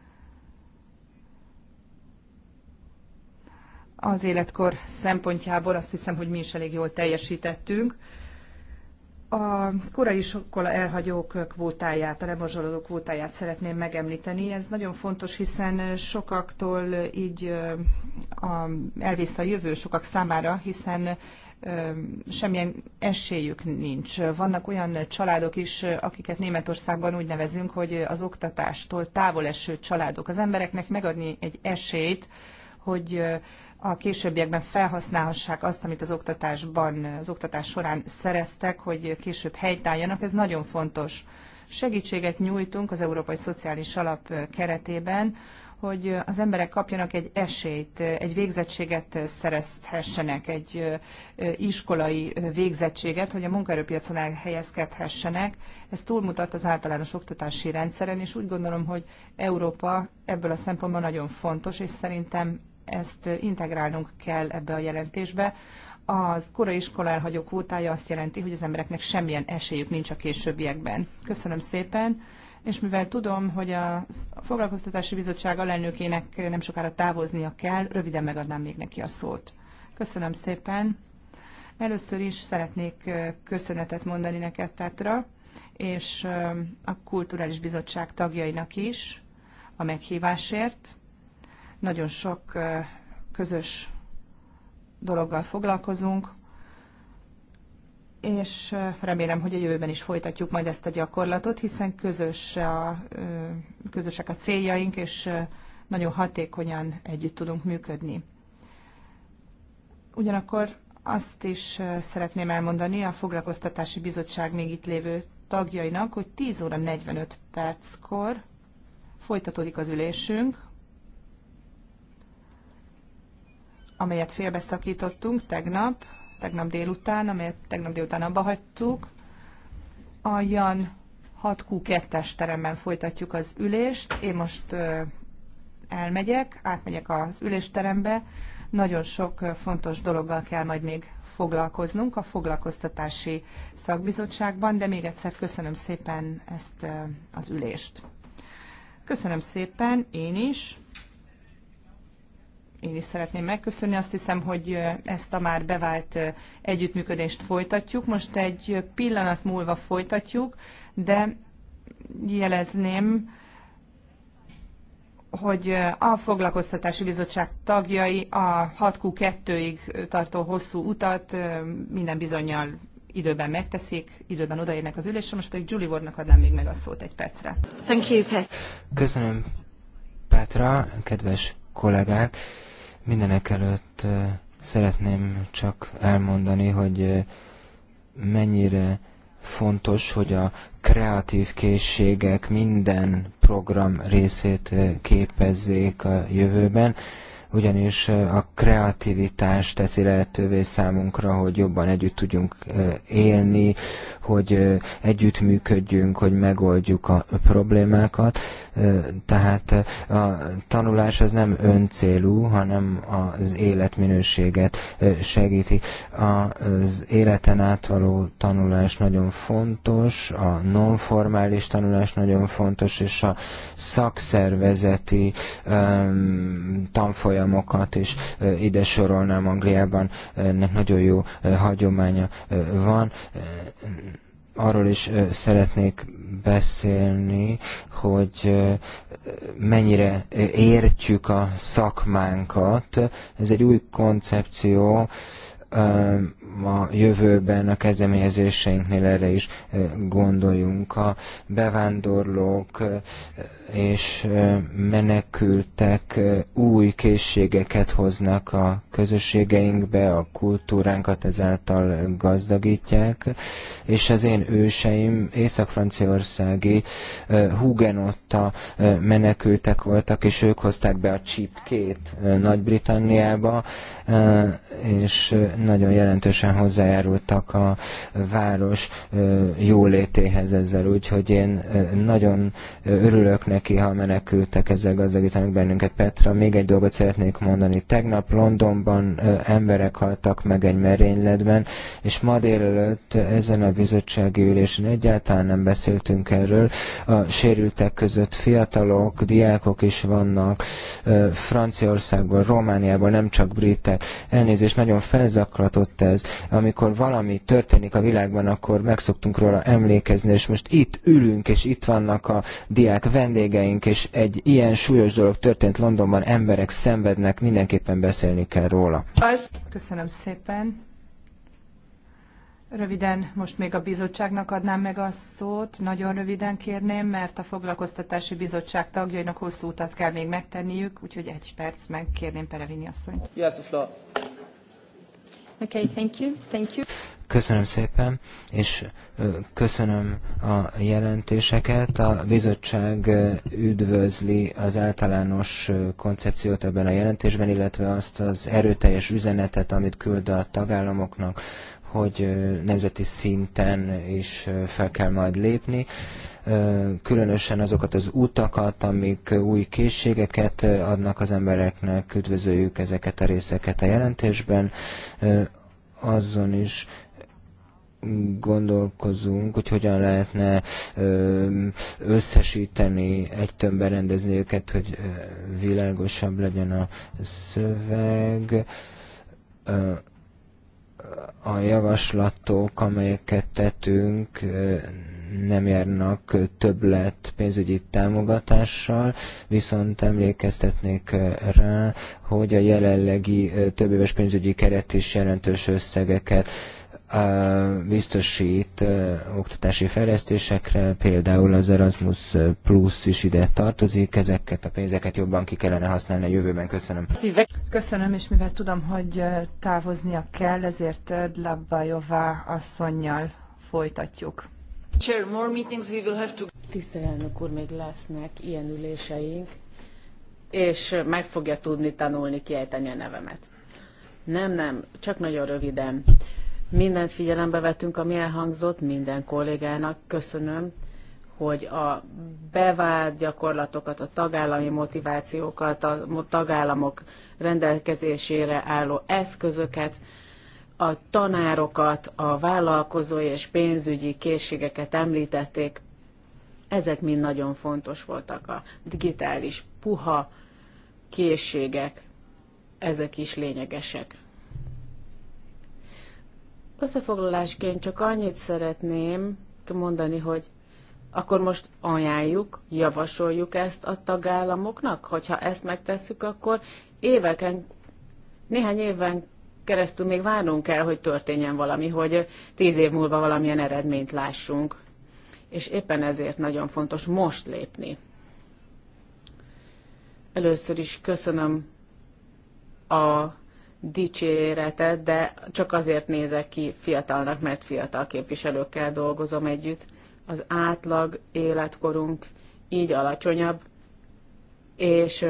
az életkor szempontjából azt hiszem, hogy mi is elég jól teljesítettünk. A korai iskola elhagyók kvótáját, a lemorzsolódó kvótáját szeretném megemlíteni. Ez nagyon fontos, hiszen sokaktól így elvész a jövő sokak számára, hiszen semmilyen esélyük nincs. Vannak olyan családok is, akiket Németországban úgy nevezünk, hogy az oktatástól távol eső családok. Az embereknek megadni egy esélyt, hogy a későbbiekben felhasználhassák azt, amit az oktatásban, az oktatás során szereztek, hogy később helytálljanak. Ez nagyon fontos. Segítséget nyújtunk az Európai Szociális Alap keretében, hogy az emberek kapjanak egy esélyt, egy végzettséget szerezhessenek, egy iskolai végzettséget, hogy a munkaerőpiacon elhelyezkedhessenek. Ez túlmutat az általános oktatási rendszeren, és úgy gondolom, hogy Európa ebből a szempontból nagyon fontos, és szerintem ezt integrálnunk kell ebbe a jelentésbe. Az korai iskola elhagyó kvótája azt jelenti, hogy az embereknek semmilyen esélyük nincs a későbbiekben. Köszönöm szépen, és mivel tudom, hogy a Foglalkoztatási Bizottság alelnökének nem sokára távoznia kell, röviden megadnám még neki a szót. Köszönöm szépen. Először is szeretnék köszönetet mondani neked, Petra, és a Kulturális Bizottság tagjainak is a meghívásért. Nagyon sok közös dologgal foglalkozunk, és remélem, hogy a jövőben is folytatjuk majd ezt a gyakorlatot, hiszen közös a, közösek a céljaink, és nagyon hatékonyan együtt tudunk működni. Ugyanakkor azt is szeretném elmondani a Foglalkoztatási Bizottság még itt lévő tagjainak, hogy 10 óra 45 perckor folytatódik az ülésünk, amelyet félbeszakítottunk tegnap, tegnap délután, amelyet tegnap délután abba hagytuk. A Jan 6Q2-es teremben folytatjuk az ülést. Én most elmegyek, átmegyek az ülésterembe. Nagyon sok fontos dologgal kell majd még foglalkoznunk a foglalkoztatási szakbizottságban, de még egyszer köszönöm szépen ezt az ülést. Köszönöm szépen, én is én is szeretném megköszönni. Azt hiszem, hogy ezt a már bevált együttműködést folytatjuk. Most egy pillanat múlva folytatjuk, de jelezném, hogy a foglalkoztatási bizottság tagjai a 6Q2-ig tartó hosszú utat minden bizonyal időben megteszik, időben odaérnek az ülésre, most pedig Julie Wardnak adnám még meg a szót egy percre. Thank you, Pet. Köszönöm, Petra, kedves kollégák. Mindenek előtt szeretném csak elmondani, hogy mennyire fontos, hogy a kreatív készségek minden program részét képezzék a jövőben, ugyanis a kreativitás teszi lehetővé számunkra, hogy jobban együtt tudjunk élni, hogy együttműködjünk, hogy megoldjuk a problémákat. Tehát a tanulás az nem öncélú, hanem az életminőséget segíti. Az életen átvaló tanulás nagyon fontos, a nonformális tanulás nagyon fontos, és a szakszervezeti tanfolyamokat is ide sorolnám Angliában, ennek nagyon jó hagyománya van arról is szeretnék beszélni, hogy mennyire értjük a szakmánkat. Ez egy új koncepció, a jövőben a kezdeményezéseinknél erre is gondoljunk. A bevándorlók és menekültek új készségeket hoznak a közösségeinkbe, a kultúránkat ezáltal gazdagítják, és az én őseim észak-franciaországi Hugenotta menekültek voltak, és ők hozták be a csipkét Nagy-Britanniába, és nagyon jelentősen hozzájárultak a város jólétéhez ezzel, úgyhogy én nagyon örülök neki, neki, ha menekültek ezzel gazdagítanak bennünket. Petra, még egy dolgot szeretnék mondani. Tegnap Londonban ö, emberek haltak meg egy merényletben, és ma délelőtt ezen a bizottsági ülésen egyáltalán nem beszéltünk erről. A sérültek között fiatalok, diákok is vannak, ö, Franciaországból, Romániából, nem csak britek. Elnézést, nagyon felzaklatott ez. Amikor valami történik a világban, akkor megszoktunk róla emlékezni, és most itt ülünk, és itt vannak a diák vendégek, vendégeink, és egy ilyen súlyos dolog történt Londonban, emberek szenvednek, mindenképpen beszélni kell róla. Köszönöm szépen. Röviden most még a bizottságnak adnám meg a szót, nagyon röviden kérném, mert a foglalkoztatási bizottság tagjainak hosszú utat kell még megtenniük, úgyhogy egy perc meg kérném Perevini asszonyt. You have the floor. Okay, thank you. Thank you. Köszönöm szépen, és köszönöm a jelentéseket. A bizottság üdvözli az általános koncepciót ebben a jelentésben, illetve azt az erőteljes üzenetet, amit küld a tagállamoknak, hogy nemzeti szinten is fel kell majd lépni különösen azokat az utakat, amik új készségeket adnak az embereknek, üdvözöljük ezeket a részeket a jelentésben, azon is gondolkozunk, hogy hogyan lehetne összesíteni, egy tömbbe rendezni őket, hogy világosabb legyen a szöveg. A javaslatok, amelyeket tettünk, nem járnak többlet pénzügyi támogatással, viszont emlékeztetnék rá, hogy a jelenlegi többéves pénzügyi keret is jelentős összegeket biztosít oktatási fejlesztésekre, például az Erasmus Plus is ide tartozik, ezeket a pénzeket jobban ki kellene használni a jövőben. Köszönöm. Köszönöm, és mivel tudom, hogy távoznia kell, ezért Dlabbajová asszonynal folytatjuk. Chair, more meetings we will have to... Tisztelelnök úr, még lesznek ilyen üléseink, és meg fogja tudni tanulni kiejteni a nevemet. Nem, nem, csak nagyon röviden. Mindent figyelembe vettünk, ami elhangzott, minden kollégának köszönöm, hogy a bevált gyakorlatokat, a tagállami motivációkat, a tagállamok rendelkezésére álló eszközöket, a tanárokat, a vállalkozói és pénzügyi készségeket említették. Ezek mind nagyon fontos voltak, a digitális puha készségek, ezek is lényegesek. Összefoglalásként csak annyit szeretném mondani, hogy akkor most ajánljuk, javasoljuk ezt a tagállamoknak, hogyha ezt megtesszük, akkor éveken, néhány éven keresztül még várnunk kell, hogy történjen valami, hogy tíz év múlva valamilyen eredményt lássunk. És éppen ezért nagyon fontos most lépni. Először is köszönöm a dicséretet, de csak azért nézek ki fiatalnak, mert fiatal képviselőkkel dolgozom együtt. Az átlag életkorunk így alacsonyabb, és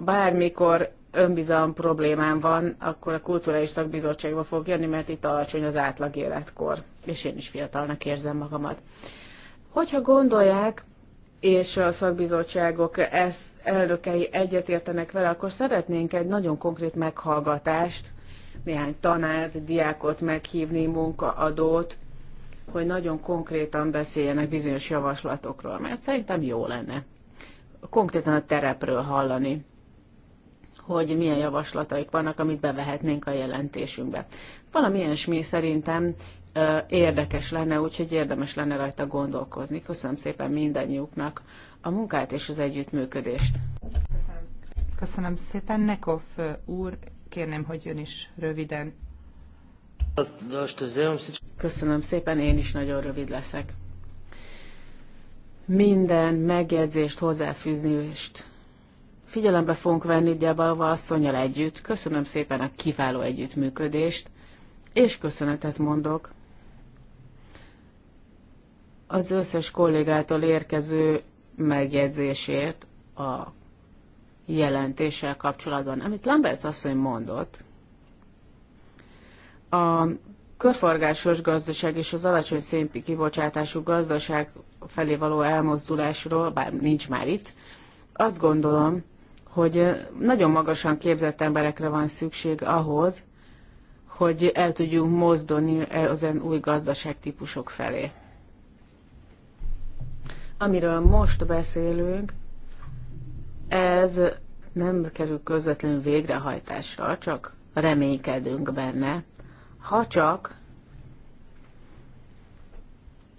bármikor önbizalom problémám van, akkor a kulturális szakbizottságba fog jönni, mert itt alacsony az átlag életkor, és én is fiatalnak érzem magamat. Hogyha gondolják, és a szakbizottságok ez elnökei egyetértenek vele, akkor szeretnénk egy nagyon konkrét meghallgatást, néhány tanárt, diákot meghívni, munkaadót, hogy nagyon konkrétan beszéljenek bizonyos javaslatokról, mert szerintem jó lenne konkrétan a terepről hallani, hogy milyen javaslataik vannak, amit bevehetnénk a jelentésünkbe. Valamilyen smi szerintem érdekes lenne, úgyhogy érdemes lenne rajta gondolkozni. Köszönöm szépen mindannyiuknak a munkát és az együttműködést. Köszönöm, Köszönöm szépen. Nekov úr, kérném, hogy jön is röviden. Köszönöm szépen, én is nagyon rövid leszek. Minden megjegyzést, hozzáfűzést figyelembe fogunk venni Gyabalva asszonyjal együtt. Köszönöm szépen a kiváló együttműködést, és köszönetet mondok az összes kollégától érkező megjegyzésért a jelentéssel kapcsolatban. Amit Lamberts asszony mondott, a körforgásos gazdaság és az alacsony szénpi kibocsátású gazdaság felé való elmozdulásról, bár nincs már itt, azt gondolom, hogy nagyon magasan képzett emberekre van szükség ahhoz, hogy el tudjunk mozdulni ezen új gazdaságtípusok felé. Amiről most beszélünk, ez nem kerül közvetlenül végrehajtásra, csak reménykedünk benne, ha csak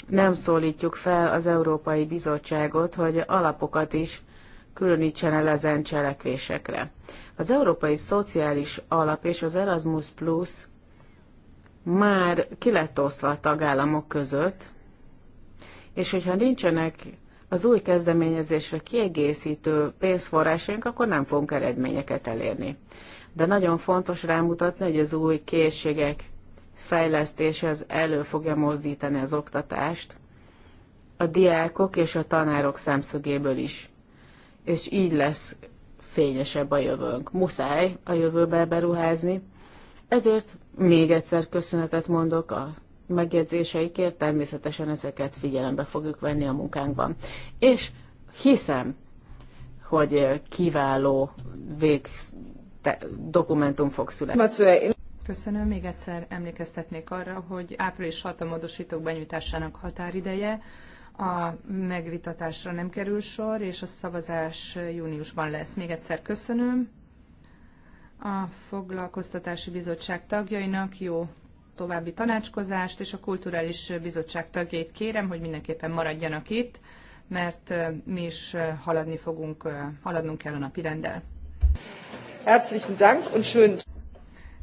nem szólítjuk fel az Európai Bizottságot, hogy alapokat is különítsen el ezen cselekvésekre. Az Európai Szociális Alap és az Erasmus Plus már ki lett osztva a tagállamok között, és hogyha nincsenek az új kezdeményezésre kiegészítő pénzforrásaink, akkor nem fogunk eredményeket elérni. De nagyon fontos rámutatni, hogy az új készségek fejlesztése az elő fogja mozdítani az oktatást, a diákok és a tanárok szemszögéből is. És így lesz fényesebb a jövőnk. Muszáj a jövőbe beruházni, ezért még egyszer köszönetet mondok a megjegyzéseikért, természetesen ezeket figyelembe fogjuk venni a munkánkban. És hiszem, hogy kiváló vég dokumentum fog születni. Köszönöm. Még egyszer emlékeztetnék arra, hogy április 6 a módosítók benyújtásának határideje, a megvitatásra nem kerül sor, és a szavazás júniusban lesz. Még egyszer köszönöm a Foglalkoztatási Bizottság tagjainak, jó további tanácskozást, és a Kulturális Bizottság tagjait kérem, hogy mindenképpen maradjanak itt, mert mi is haladni fogunk, haladnunk kell a rendel. Herzlichen Dank und schön.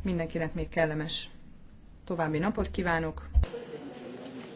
Mindenkinek még kellemes további napot kívánok.